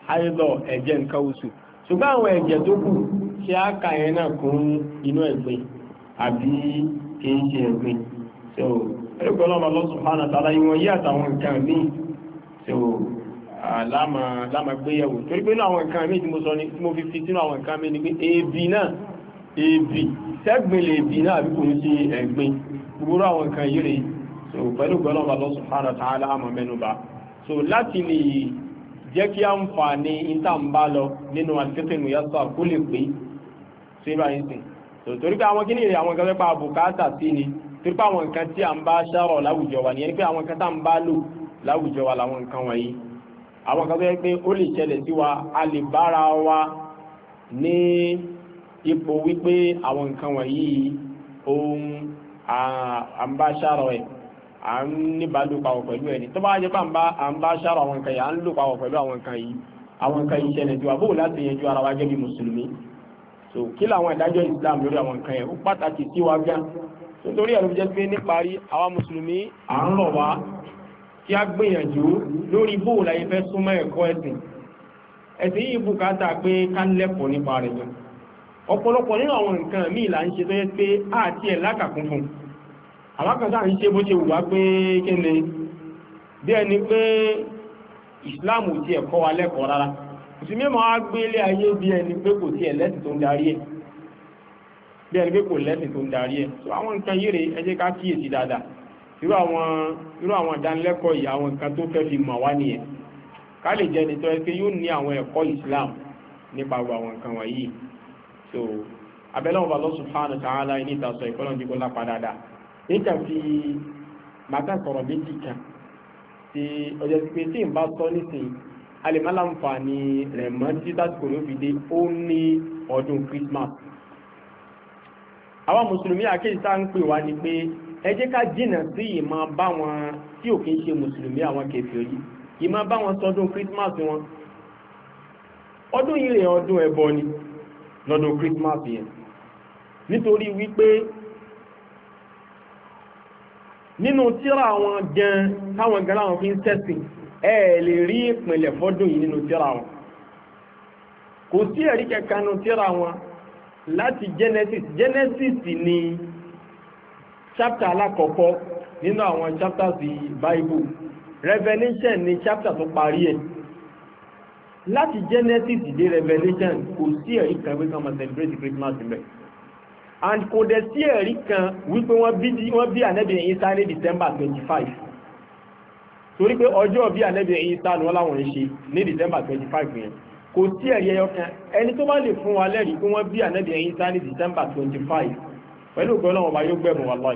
haizọ̀ ẹ̀jẹ̀ nǹkan oṣù ṣùgbọ́n àwọn ẹ̀jẹ̀ tó kù ṣé á kà yẹn náà kún inú ẹ̀gbin àbí kì ṣe ẹ̀gbin so ẹ̀rọ̀gbọ́n náà lọ subhanahu wa ta'ala ìwọ̀n yí so láàmà láàmà gbéyẹ̀wò torí pé àwọn nǹkan míì tí mo sọ ni tí mo fi fi sínú àwọn nǹkan míì ni pé lè bì náà àbí kò ń ṣe ẹ̀gbin gbogbo àwọn nǹkan yìí rèé so pẹ̀lú gbọ́dọ̀ bá Allah subhanahu wa àmọ́ mẹ́nuba so láti lè jẹ́ kí a ń fa ní ìtàǹbá lọ nínú àtìkẹ́tẹ̀nù yàtọ̀ kó lè pé sí bá yín sìn so torí pé àwọn kíní àwọn nǹkan pẹ́pẹ́ àbùkátà sí ni torí pé àwọn nǹkan tí a ń bá ṣàrọ̀ láwùjọ wa nìyẹn pé àwọn nǹkan tá à ń bá lò láwùjọ wa làwọn nǹkan wọ̀nyí àwọn nǹkan tó pé ó lè ṣẹlẹ̀ sí wa a lè bára wa ní ipò wípé àwọn nǹkan wọ̀nyí ohun à ń bá ṣàrọ̀ ẹ̀ à ń níbà lò papọ̀ pẹ̀lú ẹni tó bá jẹ́ pé à ń bá ṣàrọ̀ àwọn nǹkan yìí à ń lò papọ̀ pẹ̀lú àwọn nǹkan yìí àwọn nǹkan yìí ṣẹlẹ̀ ju àbúrò láti yanjú ara wa gẹ́gẹ́ bí so kí làwọn ìdájọ́ Islam lórí àwọn nǹkan yẹn ó pàtàkì sí wa gan nítorí ẹ̀rọ jẹ́ pé níparí àwa mùsùlùmí à ń rọ̀ wá kí a gbìyànjú lórí bóò láyé fẹ́ súnmọ́ ẹ̀kọ́ ẹ̀sìn ẹ̀sìn yìí bùkátà pé ká lẹ́pọ̀ nípa rẹ̀ gan ọ̀pọ̀lọpọ̀ nínú àwọn nǹkan míì là ń ṣe tó yẹ pé àti ẹ̀ lákàkún alákàtà ń ṣe bó ṣe wà pé kí ni bí ẹni pé islam ò tiẹ̀ kọ́ wa lẹ́kọ̀ọ́ rárá mùsùlùmí máa gbé ilé ayé bí ẹni pé kò tiẹ̀ lẹ́sìn tó ń darí ẹ̀ bí ẹni pé kò lẹ́sìn tó ń darí ẹ̀ so àwọn nǹkan yìí rèé ẹ jẹ́ ká kíyèsí dáadáa irú àwọn irú àwọn ìdánilẹ́kọ̀ọ́ yìí àwọn nǹkan tó fẹ́ fi mọ̀ wá nìyẹn ká lè jẹ́ nítorí pé yóò ní àwọn ẹ̀kọ́ islam nípa gbogbo àwọn nǹkan wọ̀nyí so abẹ́lẹ́ wọn bá lọ subhanahu wa ta'ala ní ìtàsọ ìkọlọ́ndínkù lápá dáadáa níkà fi màkà sọ̀rọ̀ méjì kan tí ọjọ́ sí pé tí n bá sọ nísìn alẹ́mọ́láǹfààní rẹ̀ mọ́ títí tásìkò ló fi dé ó ní ọdún Christmas àwọn mùsùlùmí àkéyìsá ń pè wá ni pé ẹ jẹ́ ká jìnà sí ìmọ̀ bá wọn tí ò kí ń ṣe mùsùlùmí àwọn kèfèrí ìmọ̀ bá wọn sọdún Christmas wọn ọdún yìí rẹ̀ ọdún ẹbọ ni lọ́dún Christmas yẹn nítorí wípé nínú tíra wọn gan táwọn gan láwọn fi ń tẹ́sìn ẹ lè rí ìpìnlẹ̀ fọ́dún yìí nínú tíra wọn kò sí ẹ̀rí kankan nínú tíra wọn láti Genesis Genesis ni chapter alákọ̀ọ́kọ́ nínú àwọn chapters di Bible Revelation ni chapter tó parí ẹ̀ láti Genesis dé Revelation kò sí ẹ̀rí kan pé kí wọ́n máa celebrate Christmas bẹ́ẹ̀ and kò dẹ̀ sí ẹ̀rí kan wípé wọ́n bí ànẹ́bì Ìsá ní December 25 torí pé ọjọ́ bí ànẹ́bì Ìsá ni wọ́n láwọn ń ṣe ní December 25 yẹn kò sí ẹ̀rí ẹyọ kan ẹni tó bá lè fún wa lẹ́rìí pé wọ́n bí ànẹ́bì Ìsá ní December 25 pẹ̀lú ògbọ́n ọba yóò gbẹ̀bùn wà lọ́ọ̀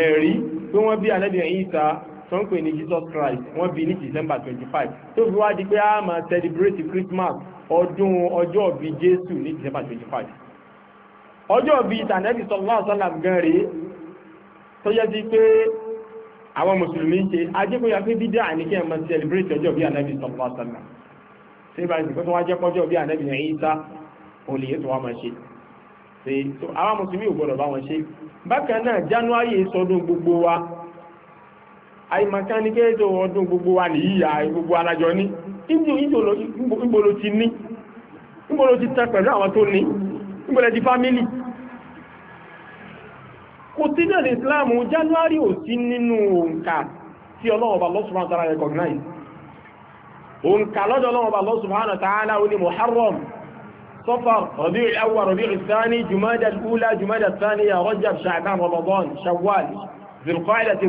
ẹ̀rí pé wọ́n bí ànẹ́bì Ìsá tó ń pè ní Jesus Christ wọ́n bí ní December 25 tó fi wá di pé a máa celebrate Christmas ọdún ọjọ́ bí Jésù ní December 25 ọjọ́ bí ìtànẹ́bì sọ̀lọ́sọ́lá gan rí tó yẹ sí pé àwọn mùsùlùmí ṣe ajẹ́kọ̀ọ́yà pé bídá àníkẹ́ ẹ̀mọ́ celebrate ọjọ́ bí ànẹ́bì sọ̀lọ́sọ́lá ṣe bá ìsìnkú tó wá jẹ́ pọ́jọ́ bí ànẹ́bì ní ìta olè tó wá máa ṣe ṣe tó àwọn mùsùlùmí ò gbọ́dọ̀ bá wọn ṣe bákan náà january sọdún gbogbo wa àìmọ̀kánikẹ́ tó ọdún gbogbo wa nìyí gbogbo alájọ ní ti fámílì kò sí náà ní Islam January ò sí nínú òǹkà tí ọlọ́ọ̀bà Allah subhanahu wa ta'ala recognize òǹkà lọ́dọ̀ ọlọ́ọ̀bà Allah subhanahu wa ta'ala ó ní Muharram صفر ربيع الأول ربيع الثاني جمادى الأولى جمادى الثانية رجب شعبان رمضان شوال ذي القاعدة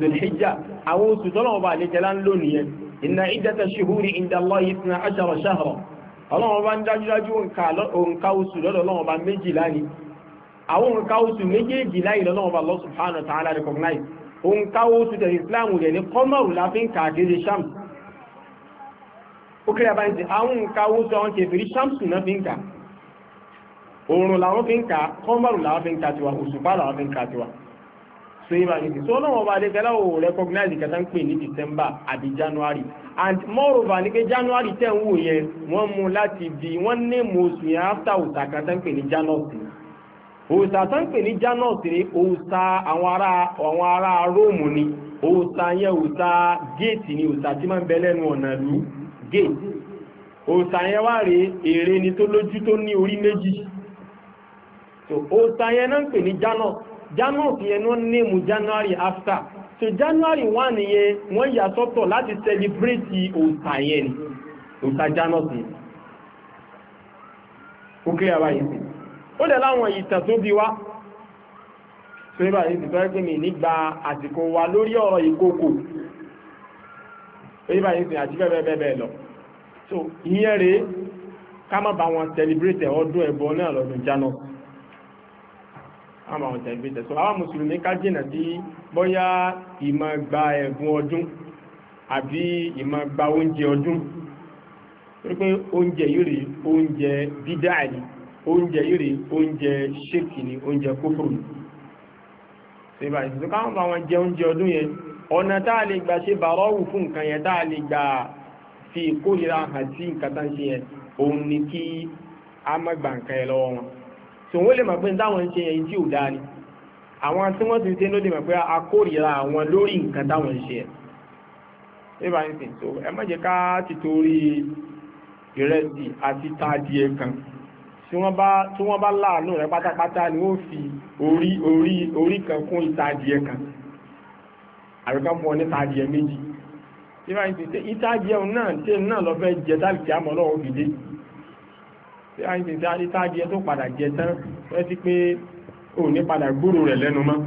ذي الحجة أو ستلغب لجلال لونيا إن عدة الشهور عند الله اثنا عشر شهرا الله أبان دجاجون كالو أنكاو سلول الله أبان مجلاني àwọn òǹkà oṣù méjèèjì láì lọ́nà ọba Allah subhanahu wa ta'ala recognize òǹkà oṣù tẹ̀lé islam rẹ̀ ní kọ́mọ̀rù láfin kàkiri sham ó kéré abáyé ti àwọn òǹkà oṣù àwọn kẹfìrí sham sùn náà fi ń kà oòrùn làwọn fi ń kà kọ́mọ̀rù làwọn fi ń kà tiwa òṣùpá làwọn fi ń kà tiwa so ìbá ní ti so ọlọ́wọ́ ọba adékẹ́lá ò recognize kẹta ń pè ní December àbí January and moreover ní pé January tẹ̀ ń wò yẹn wọ́n mú láti di wọ́n ní mo sùn yẹn after òtà kẹta ń pè ní January òòṣà tó ń pè ní janus ní òòṣà àwọn ará àwọn ará róòmù ni òòṣà yẹn òòṣà géètì ni òòṣà tí máa ń bẹ lẹ́nu ọ̀nà ìlú géètì òòṣà yẹn wà rè èrè ni tó lójú tó ní orí méjì òòṣà yẹn náà ń pè ní janus janus yẹn náà ní january after so january one yẹn wọ́n yà sọ́tọ̀ láti celebrate òòṣà yẹn ni òòṣà janus yẹn ó kéré àbáyé sí i. ó dẹ̀ láwọn ìtàn tó bí wá tó yẹ báyìí ti tọ́jú pé mi nígbà àsìkò wa lórí ọ̀rọ̀ ìkókò tó báyìí ti àti bẹ́ẹ̀ lọ so ìyẹn rèé ká má bá wọn celebrate ọdún ẹ̀bọ náà lọ́dún jánà àmà ọ̀tẹ̀ ìgbésẹ̀ so àwọn mùsùlùmí ká jìnà sí bóyá ìmọ̀ gba ẹ̀bùn ọdún àbí ìmọ̀ gba oúnjẹ ọdún torí pé oúnjẹ yìí rí oúnjẹ dídá yìí oúnjẹ ìrì oúnjẹ ṣéèkì ni oúnjẹ kófòrò ni ṣèbà ìṣẹ̀tọ́ káwọn bá wọn jẹ oúnjẹ ọdún yẹn ọ̀nà tá a lè gbà ṣe bàrọ́wù fún nǹkan yẹn tá a lè gbà fi ìkórira hàn sí nǹkan tá ń ṣe yẹn òun ni kí a má gba nǹkan yẹn lọ́wọ́ wọn tò wọ́n lè mọ̀ pé táwọn ń ṣe yẹn tí ò dáa ni àwọn tí wọ́n ti ṣe ló lè mọ̀ pé a kórira àwọn lórí nǹkan táwọn ń ṣe yẹn ṣèbà ìṣẹ̀tọ́ ẹ má jẹ́ ká ti torí ìrẹsì àti tá a di ẹ̀ kan tí wọ́n bá láàánú rẹ̀ pátápátá ni ó fi orí orí orí kan kún ìtajì ẹ̀ kan àríkà fún ọ ní tajì ẹ̀ méjì ìwà ìpè tẹ ìtajì ẹ̀ náà tẹ náà lọ fẹ́ jẹ tábì tí a mọ̀ lọ́wọ́ fìdé ìwà ìpè tẹ ìtajì ẹ̀ tó padà jẹ tán ẹ ti pé ò ní padà gbúrò rẹ̀ lẹ́nu mọ́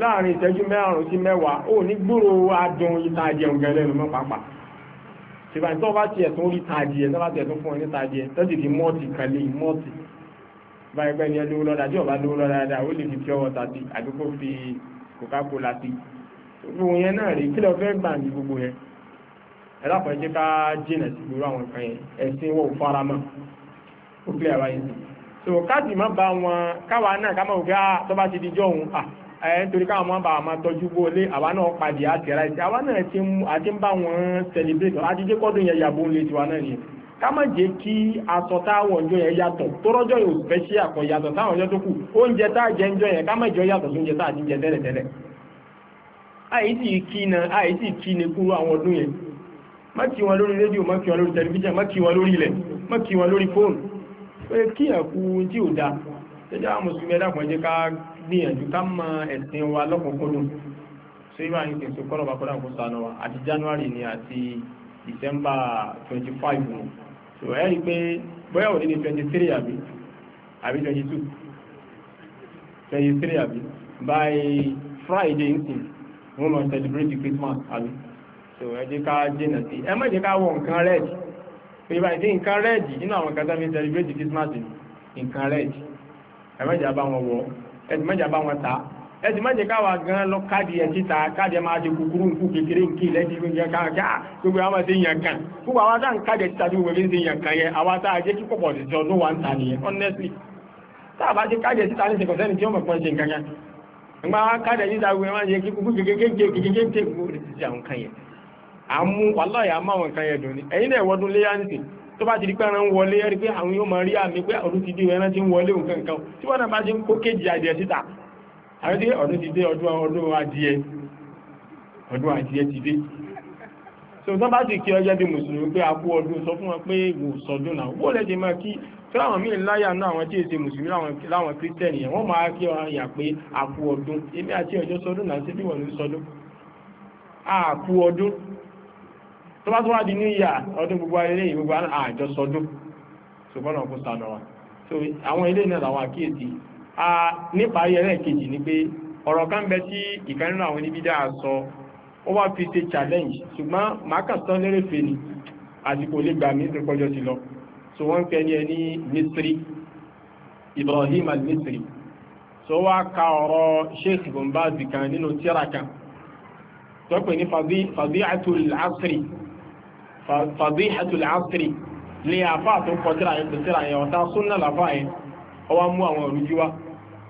láàrin ìṣẹ́jú mẹ́rùn-ún sí mẹ́wàá ò ní gbúrò adùn ìtajì ẹ̀ ń gẹ lẹ́nu mọ́ pàápàá ṣùgbọ́n ìtọ́ bá ti ẹ̀sùn orí tàdí ẹ̀ tó bá ti ẹ̀sùn fún ẹni tàdí ẹ̀ tó sì fi mọ́ọ̀tì kan mọ́ọ̀tì bá ẹgbẹ́ ni ẹ lówó lọ́dà tí ọba lówó lọ́dà dáadáa ó lè fi tí ọwọ́ tàbí àdúgbò fi Coca-Cola sí gbogbo yẹn náà rèé kí lọ fẹ́ gbà ní gbogbo yẹn ẹ lápò ẹjẹ ká jìnà sí gbogbo àwọn nǹkan yẹn ẹ̀sìn wọ́n ò fara mọ́ ó kílẹ̀ wáyé sí so káàdì má bá wọn káwa náà ká má wò pé ah, tó bá ti di jọ́ òun ah, ẹ̀ nítorí káwọn máa bá àmà tọ́jú bó lé àwa náà padì àti ẹ̀rá ìsẹ́ àwa náà ti ń bá wọn celebrate àti jẹ́ kọ́dún yẹn yàgbó ń lè tiwa náà ni ká má jẹ́ kí aṣọ táwọn ọjọ́ yẹn yàtọ̀ tọ́rọ́jọ́ yóò fẹ́ ṣí àkọ́ yàtọ̀ táwọn ọjọ́ tó kù oúnjẹ tá a jẹ ń jọ yẹn ká má jọ yàtọ̀ tó ń jẹ tá a ti jẹ tẹ́lẹ̀tẹ́lẹ̀ àìsí kí na àìsí kí ni kúrú àwọn ọdún yẹn má kí wọn lórí rédíò má gbìyànjú ká mọ ẹ̀sìn wa lọ́kùnkúndùn tó yíba ní kìí tó kọ́rọ̀ bá kọ́rọ̀ àkóso àná wa àti January ni àti December twenty five nù i pé bóyá òní ni twenty three àbí àbí twenty two twenty three àbí by Friday nsìn wọ́n lọ celebrate Christmas àbí so ẹ jẹ́ ká jìnà sí ẹ má jẹ́ ká wọ nǹkan red pé yíba ìdí nǹkan red nínú àwọn kan tó fi celebrate Christmas nǹkan red ẹ má jẹ́ àbá wọn wọ̀ ọ́ ẹ̀sìn mọ́jà bá wọn ta ẹ̀sìn mọ́jà káwa gan lọ káàdì ẹ̀ títa káàdì ẹ̀ máa ṣe kúkúrú nkú kékeré nkí lẹ́sí oúnjẹ káàkiri gbogbo àwọn ṣe ń yàn kan gbogbo àwọn táwọn káàdì ẹ̀ títa tí gbogbo ṣe ń yàn kan yẹn àwọn táwọn ajé kí pọ̀pọ̀ ti jọ lówà ń ta nìyẹn honestly táwọn bá ṣe káàdì ẹ̀ títa ní ṣèkọ̀sẹ́ni tí wọ́n mọ̀ pọ́n ṣe nǹkan kan ìgbà wọn káàdì ẹ̀ títa gbogbo ẹ̀ máa ṣe kí kúkú kékeré kékeré kékeré tó bá ti di pé ẹran ń wọlé ẹ̀rí pé àwọn yóò máa rí àmì pé ọdún ti dé ẹran ti ń wọlé nǹkan tí wọ́n náà bá ti ń kó kéjì adìẹ síta àwọn ọdún ti dé ọdún ọdún ọdún adìẹ ti dé so tó bá ti kí ọjọ́ bí mùsùlùmí pé a kú ọdún sọ fún wọn pé wò sọdún náà wó lẹ́sẹ̀ máa kí tí àwọn míì láyà náà àwọn tí èsè mùsùlùmí láwọn kírísítẹ́nì yẹn wọ́n máa kí a kú ọdún tó bá tó wá di new year ọdún gbogbo ayẹyẹ gbogbo àjọ sọdún ṣùgbọ́n ọkùn sànà wa so àwọn ilé náà làwọn àkíyèsí nípa ayẹyẹ kejì ni pé ọ̀rọ̀ kan bẹ tí ìkan nínú àwọn sọ ó wá fi ṣe challenge ṣùgbọ́n mákàtán lérè fè ní àsìkò lè gbà mí kọjọ sí lọ so wọ́n fẹ́ ní ẹni Ibrahim al so wá ka ọ̀rọ̀ Sheikh kan nínú tíra kan tó fàdíhàtul asri ní àfá tó kọ tíra yẹn tó tíra yẹn ọ̀tá súnnà làfá yẹn ọwá mú àwọn òrùjú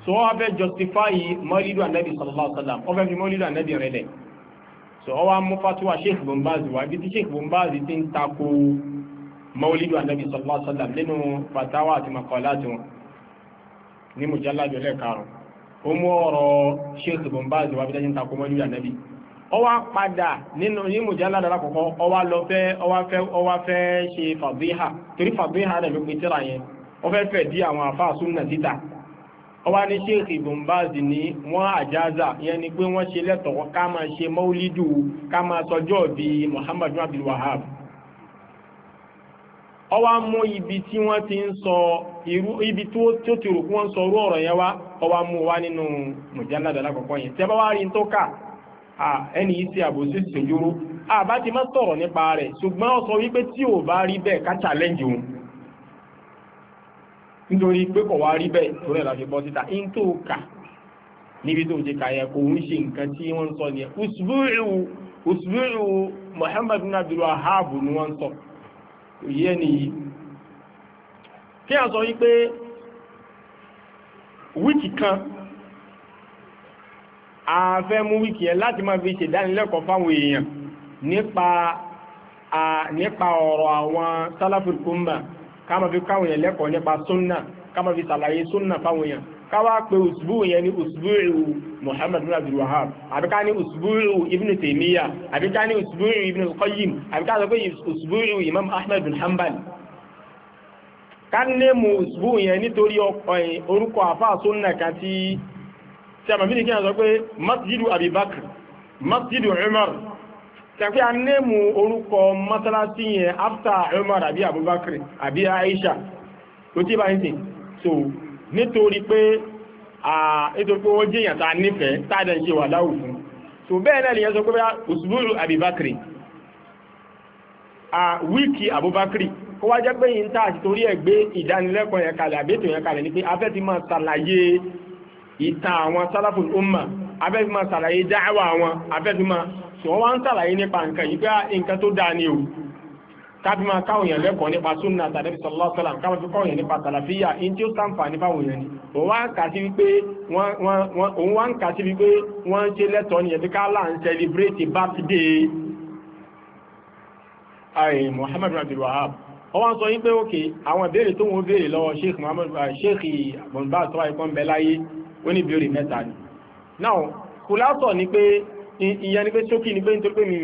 so wọ́n fẹ́ justify mọ́lídù ànẹ́bì sallallahu alaihi wasallam wọ́n fẹ́ fi mọ́lídù so ọwá mú fatuwa sheikh bombazi wá ibi tí sheikh bombazi ti ń tako mọ́lídù ànẹ́bì sallallahu alaihi wasallam nínú fatawa àti makọ́lá ti wọn ní mujalladu lẹ́ẹ̀karùn-ún ó ọwá padà nínú yí mùjálà dára kọ̀kọ́ ọwá lọ fẹ́ ọwá fẹ́ ọwá fẹ́ ṣe fàbíhà torí fàbíhà rẹ̀ ló pe tíra yẹn ó fẹ́ fẹ́ di àwọn àfáà súnà títà ọwá ní bùnbáàzì ní wọ́n àjáza ni pé wọ́n ṣe lẹ́tọ̀ọ́ ká máa ṣe ká máa sọjọ́ bí Muhammad Abdul ibi tí wọ́n sọ irú ibi tó ti rò sọ orú ọ̀rọ̀ yẹn wá ọwá mú wá nínú mùjálà kọ̀kọ́ yẹn tẹ́ bá wá rí tó ẹni yìí ti àbòsí ṣèjúrú àbá ti má sọ̀rọ̀ nípa rẹ̀ ṣùgbọ́n ó sọ wípé tí ò bá rí bẹ́ẹ̀ ká challenge òun nítorí pé kò wá rí bẹ́ẹ̀ torí ẹ̀la bọ́ síta in tó kà níbi tó ti sọ Muhammad ni wọ́n ń sọ òye ẹni yìí kí a sọ wípé wíìkì kan afẹ́ mú wíkì ẹ láti máa fi ṣèdánilẹ́kọ̀ọ́ fáwọn èèyàn nípa ọ̀rọ̀ àwọn salaful umma ká máa fi káwọn èèyàn lẹ́kọ̀ọ́ nípa súnnà ká máa fi ṣàlàyé súnnà fáwọn èèyàn káwá pé òṣùbù yẹn ní òṣùbù ìrù Muhammad bin Abdul Wahab àbíká Imam Ahmad bin Hanbal ká ní mú òṣùbù yẹn nítorí orúkọ tí a mọ̀ mílì kí a sọ pé masjidu abibakar masjidu umar tàbí a nẹ́mù orúkọ masalasi yẹn after umar àbí abubakar àbí aisha tó tí bá sìn so nítorí pé nítorí pé tá a nífẹ̀ẹ́ táàdà ń ṣe wà láwù fún so bẹ́ẹ̀ náà lèyàn sọ pé usbúrú abibakar a wíìkì abubakar kó wá jẹ́ pé yìí ń tà àti torí ẹ̀ gbé ìdánilẹ́kọ̀ọ́ yẹn kalẹ̀ àbẹ́tò yẹn kalẹ̀ ni pé afẹ́ ti máa ṣàlàyé ìtàn àwọn sálàfùl umma abẹ́fìmọ̀ sàlàyé dáwà àwọn abẹ́fìmọ̀ tí wọ́n wá ń sàlàyé nípa nǹkan yìí pé ah, nǹkan tó dáa ni o kábímọ̀ káwọn èèyàn lẹ́kọ̀ọ́ nípa súnà tàbí sallallahu alaihi wasallam káwọn fi kọ́wọ̀n nípa sàlàfíà in tí ó sàǹfà nípa wòyàn ni òun wá ń kà sí Muhammad abdul wahab wọ́n wá ń sọ yín pé òkè àwọn ìbéèrè tó wọ́n béèrè lọ́wọ́ sheikh Muhammad sheikh bọ̀nbá àtọ́wà ikọ́ ń bẹ oníbìrì mẹ́ta ni now kùlásọ̀ ni pé ìyẹn ni pé ṣókí ni pé nítorí pé mi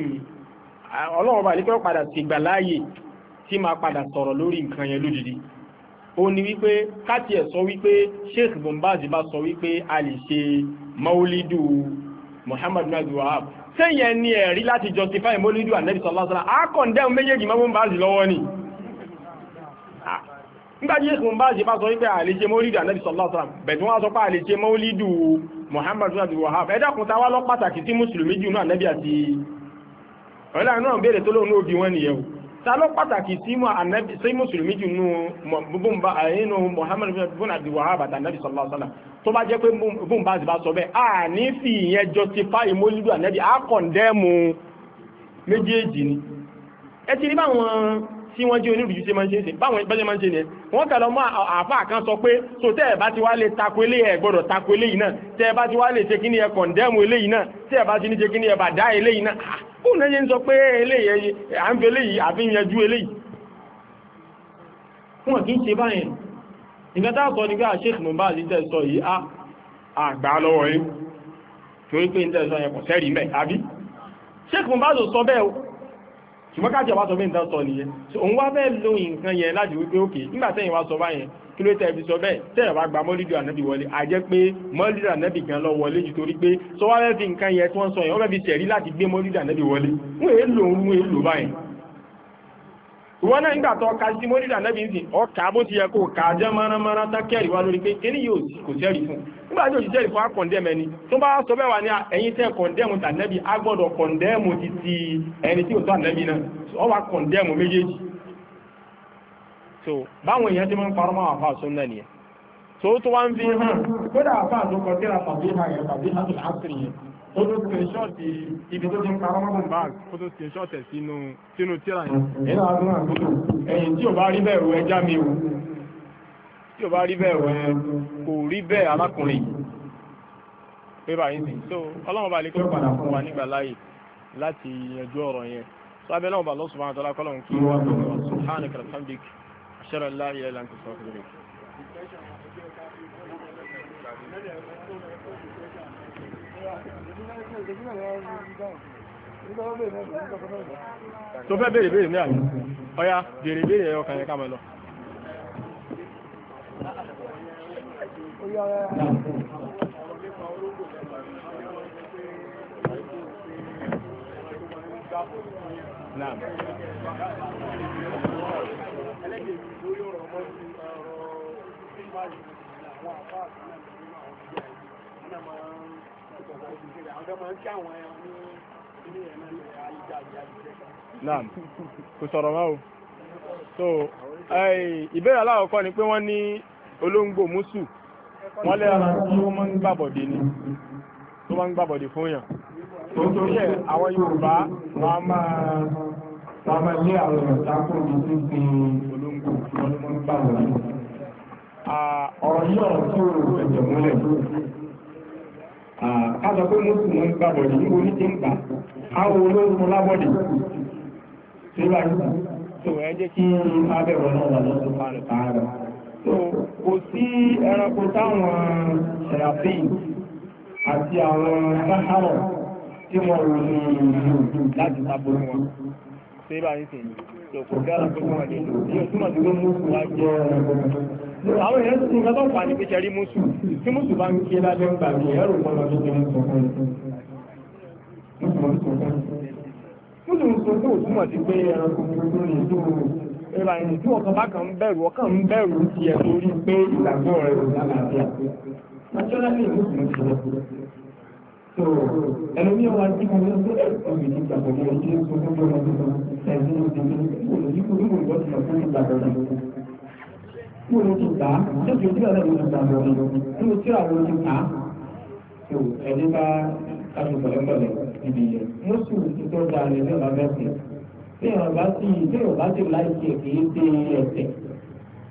ọlọ́run bá nípẹ́ padà sí ìgbà láàyè tí máa padà sọ̀rọ̀ lórí nǹkan yẹn lódìdí ó ní wípé káti ẹ̀ sọ wípé Sheikh bombazi bá sọ wípé a lè ṣe maulidu Muhammad bin Wahab sẹ́yìn ẹni ẹ̀rí láti justify maulidu anabi sallallahu alaihi wasallam a condemn méjèèjì mọ́ bombazi lọ́wọ́ ni nígbàtí yéṣù ń bá ṣe bá sọ wípé àlèṣe mọ́lídù ànábì sallallahu alaihi wasallam bẹ̀tún wá sọ pé àlèṣe mọ́lídù Muhammad bin Abdul Wahhab ẹ̀dàkùn ta wá lọ pàtàkì tí mùsùlùmí jù náà ànábì àti ọ̀lá náà béèrè tó lóun òbí wọn nìyẹn o ta ló pàtàkì tí mùsùlùmí jù nù bùnbà àyínú Muhammad bin Abdul Wahhab àti ànábì sallallahu alaihi wasallam tó bá jẹ́ pé bùnbà ti bá sọ bẹ́ẹ̀ à ní fi ìyẹn justify mọ́lídù ànábì á kọ̀ndẹ́mù méjèèjì ni ẹ ti rí báwọn tí wọ́n jẹ́ onírùjú ṣe máa ń ṣe ṣe báwọn ma máa ń ṣe wọ́n kà lọ àáfà kan sọ pé so tẹ́ ẹ̀ bá ti wá lè tako eléyìí ẹ̀ gbọ́dọ̀ tako eléyìí náà tẹ́ ẹ̀ bá ti wá lè ṣe kíní ẹ̀ kọ̀ǹdẹ́mù eléyìí náà tẹ́ bá ti ní ṣe kíní ẹ̀ bà dá eléyìí náà fún ah, náà ṣe ń sọ pé eléyìí à ń fi eléyìí àfi ń eléyìí ṣe báyẹn a ṣùgbọ́n káàkiri wá sọ bí nǹkan sọ nìyẹn so òun wá bẹ́ẹ̀ lo nǹkan yẹn láti wípé òkè nígbà wá sọ báyẹn kí ló tẹ́ fi sọ bẹ́ẹ̀ tẹ́yìn wá gba mọ́lídìí ànábì wọlé àjẹ́ pé mọ́lídìí ànábì gan lọ wọlé ju torí pé sọ wá fẹ́ fi nǹkan yẹn tí wọ́n sọ yẹn wọ́n fẹ́ fi ṣẹ̀rí láti gbé mọ́lídìí ànábì wọlé wọ́n èé lò ń báyẹn wọn náà nígbà tó ka sí mọ́lìdà nẹ́bí ń sìn ọkà bó ti yẹ kó kà jẹ́ maramara tákẹ́rì wá lórí pé kíní yóò kò sẹ́rì fún nígbà tí òṣìṣẹ́ ìfún akọ̀ndẹ́mù ẹni tó bá sọ bẹ́ẹ̀ wà ní ẹ̀yin tẹ́ kọ̀ndẹ́mù tànẹ́bí a gbọ́dọ̀ kọ̀ndẹ́mù ti ẹni tí ò tó náà ọ wá kọ̀ndẹ́mù méjèèjì so báwọn èèyàn ti máa ń parọ́ máa wà nìyẹn wá ń fi hàn kódà àfáà tó ó tó screenshọ́ọ̀tì ibi tó ti ń parọ́ mọ́bùn bag ó tó screenshọ́ọ̀tẹ̀ sínú sínú tíra yẹn nínú àdúrà àgbòdò ẹ̀yìn tí ò bá rí bẹ́ẹ̀ ro ẹja mi o tí o bá rí bẹ́ẹ̀ ro ẹ kò rí bẹ́ẹ̀ alákùnrin yìí pé báyìí sí so ọlọ́run bá lè kí ó padà fún wa nígbà láàyè láti yanjú ọ̀rọ̀ yẹn so abẹ́ náà bá lọ́ sùn máa tọ́lá kọ́lọ̀ kí wọ́n tó wọ́n sùn hàn ní kàlàfàmbik àṣẹ́rẹ̀ láàyè láǹkì sọ́kùnrin tó fẹ́ béèrè béèrè ní àyè ọ̀yá béèrè béèrè ẹ̀yọ kan ká máa lọ. Naam. naam kò sọ̀rọ̀ o so ìbéèrè aláwọ̀kọ́ ni pé wọ́n ní olóńgbò mùsù wọ́n lé ara tí máa ń gbàbọ̀dé ni tó máa ń fún nítorí ẹ̀ àwọn Yorùbá máa máa lé àwọn ní wọn máa ń ọ̀rọ̀ yìí ọ̀rọ̀ tí ó rò ẹ̀jẹ̀ kájọ pé mọ́sùn wọn gbà bọ̀dì níbo ní ti ń gbà áwọ olóòrùn lábọ̀dì tí ó láyé tó ẹ jẹ́ kí abẹ́rọ̀ náà wà lọ́sùn fàárẹ̀ fàárẹ̀ kò sí ẹranko táwọn ṣẹ̀ràfíì àti àwọn sáhárọ̀ tí wọ́n rò ní ìlú láti sábòrò wọn tí ó bá ní sèyí tó kò dára pé wọ́n lè lò ní ọdún àti àwọn èèyàn tó nǹkan tó ń pa ní pé ṣẹ̀rí mùsù tí mùsù bá ń kí lábẹ́ ń gbà mí ẹ̀rù wọn lọ lókè mùsù mùsù tó túmọ̀ sí pé ẹranko gbogbo ní ìlú ìlà ìlú ọkàn bá kàn ń bẹ̀rù ọkàn ń bẹ̀rù ti ẹ̀ torí pé ìgbàgbọ́ rẹ̀ kò lálàáfíà naturally mùsù ti lọ so ẹni ní ọwọ́ àti ìgbàgbọ́ tó ẹ̀ omi ní ìgbàgbọ́ ní ọjọ́ ìgbàgbọ́ ní ọjọ́ ìgbàgbọ́ ní ọjọ́ ìgbàgbọ́ ní ọjọ́ ìgbàgbọ́ ní ọjọ́ ìgbàgbọ́ kí olú ti gbà á tí o ti tí ọ̀nà ìlú ìgbà lọ tí o tí àwọn olú gbà á tó ẹni bá aṣọ pẹ̀lẹ́pẹ̀lẹ́ ibi yẹn mo sì ti tọ́ da rẹ̀ ní ọ̀la mẹ́sìn tí ìwọ̀n bá ti tí ìwọ̀n bá ti láì ṣe kì í ṣe ẹ̀sẹ̀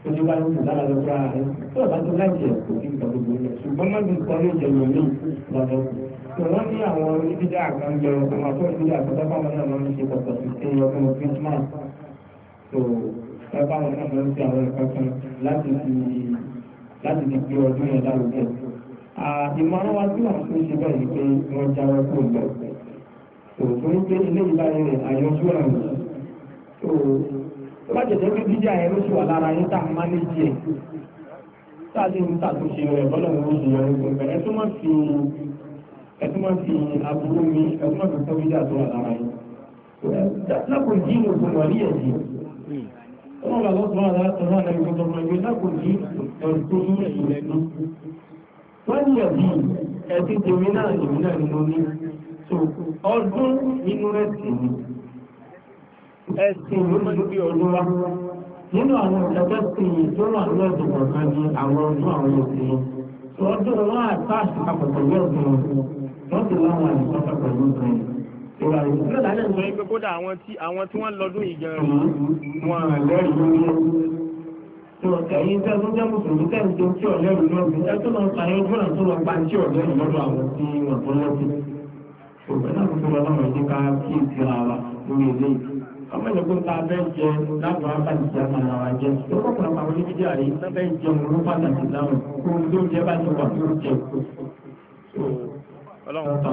tó ti bá ń sùn lára lọ fúra rẹ̀ tí ìwọ̀n bá ti láì ṣe kò sí nǹkan ẹgbẹ́ àwọn náà máa ń fi àwọn ẹ̀kọ́ kan láti fi láti fi gbé ọdún yẹn lárugẹ. ìmọ̀ràn wa tí wọ́n fi ṣe bẹ́ẹ̀ ni pé wọ́n jáwọ́ kó lọ. òfin ń pé ilé ìbáyé rẹ̀ àyọjú àrùn. tó bá jẹ̀jẹ̀ pé jíjẹ́ àyẹ̀ ló ṣe wà lára yín tá a máa ní jẹ́ táàdé ń tàtúnṣe rẹ̀ lọ́nà oṣù yẹn gbogbo ẹ̀ tó máa fi ẹ̀ tó fi aburú mi ẹ̀ tó fi Ọlọ́run àwọn ọ̀sán àwọn ọ̀sán àwọn ẹgbẹ́ ọmọ ẹgbẹ́ lápò ní ẹ̀rùkú ní ilẹ̀ náà. Wọ́n ní ẹ̀bí ẹ̀sìn tèmi náà lèmi náà ni mo ní. So ọdún nínú ẹ̀sìn ẹ̀sìn ló máa ń gbé ọdún wá. Nínú àwọn ìjọba sí i tó wà ní ọ̀dùn kọ̀ọ̀kan ní àwọn ọdún àwọn òsìn. So ọdún wọn àtàṣì papọ̀ pẹ̀lú ọ̀dùn wọn. Wọ́n ti láwọn àìsàn pẹ̀lú ọ̀dùn Torí pé kódà àwọn tí àwọn tí wọ́n lọ́dún yìí gan wọn lẹ́rìí. Ẹ̀yin tẹ́ tó jẹ́ mùsùlùmí tẹ́ ń tó tí ọ̀lẹ́rìí lọ́dún, ẹ tó lọ sàyẹn ojú ọ̀nà tó lọ pa tí ọ̀lẹ́rìí lọ́dún àwọn tí wọ́n tó lọ́dún. Òpin náà tó lọ lọ́rọ̀ ní ká kí ìsira wa lórí ilé. Ọmọ ìlẹ́kùn ta fẹ́ jẹ láàbọ̀ pàtàkì jẹ́ àmà àwọn jẹ. Lọ́pọ̀lọpọ̀ àwọn oníbíjà yìí fẹ́ jẹun ló pàtàkì láwọn. Ohun tó jẹ bá ti wà tó jẹ ọlọ́run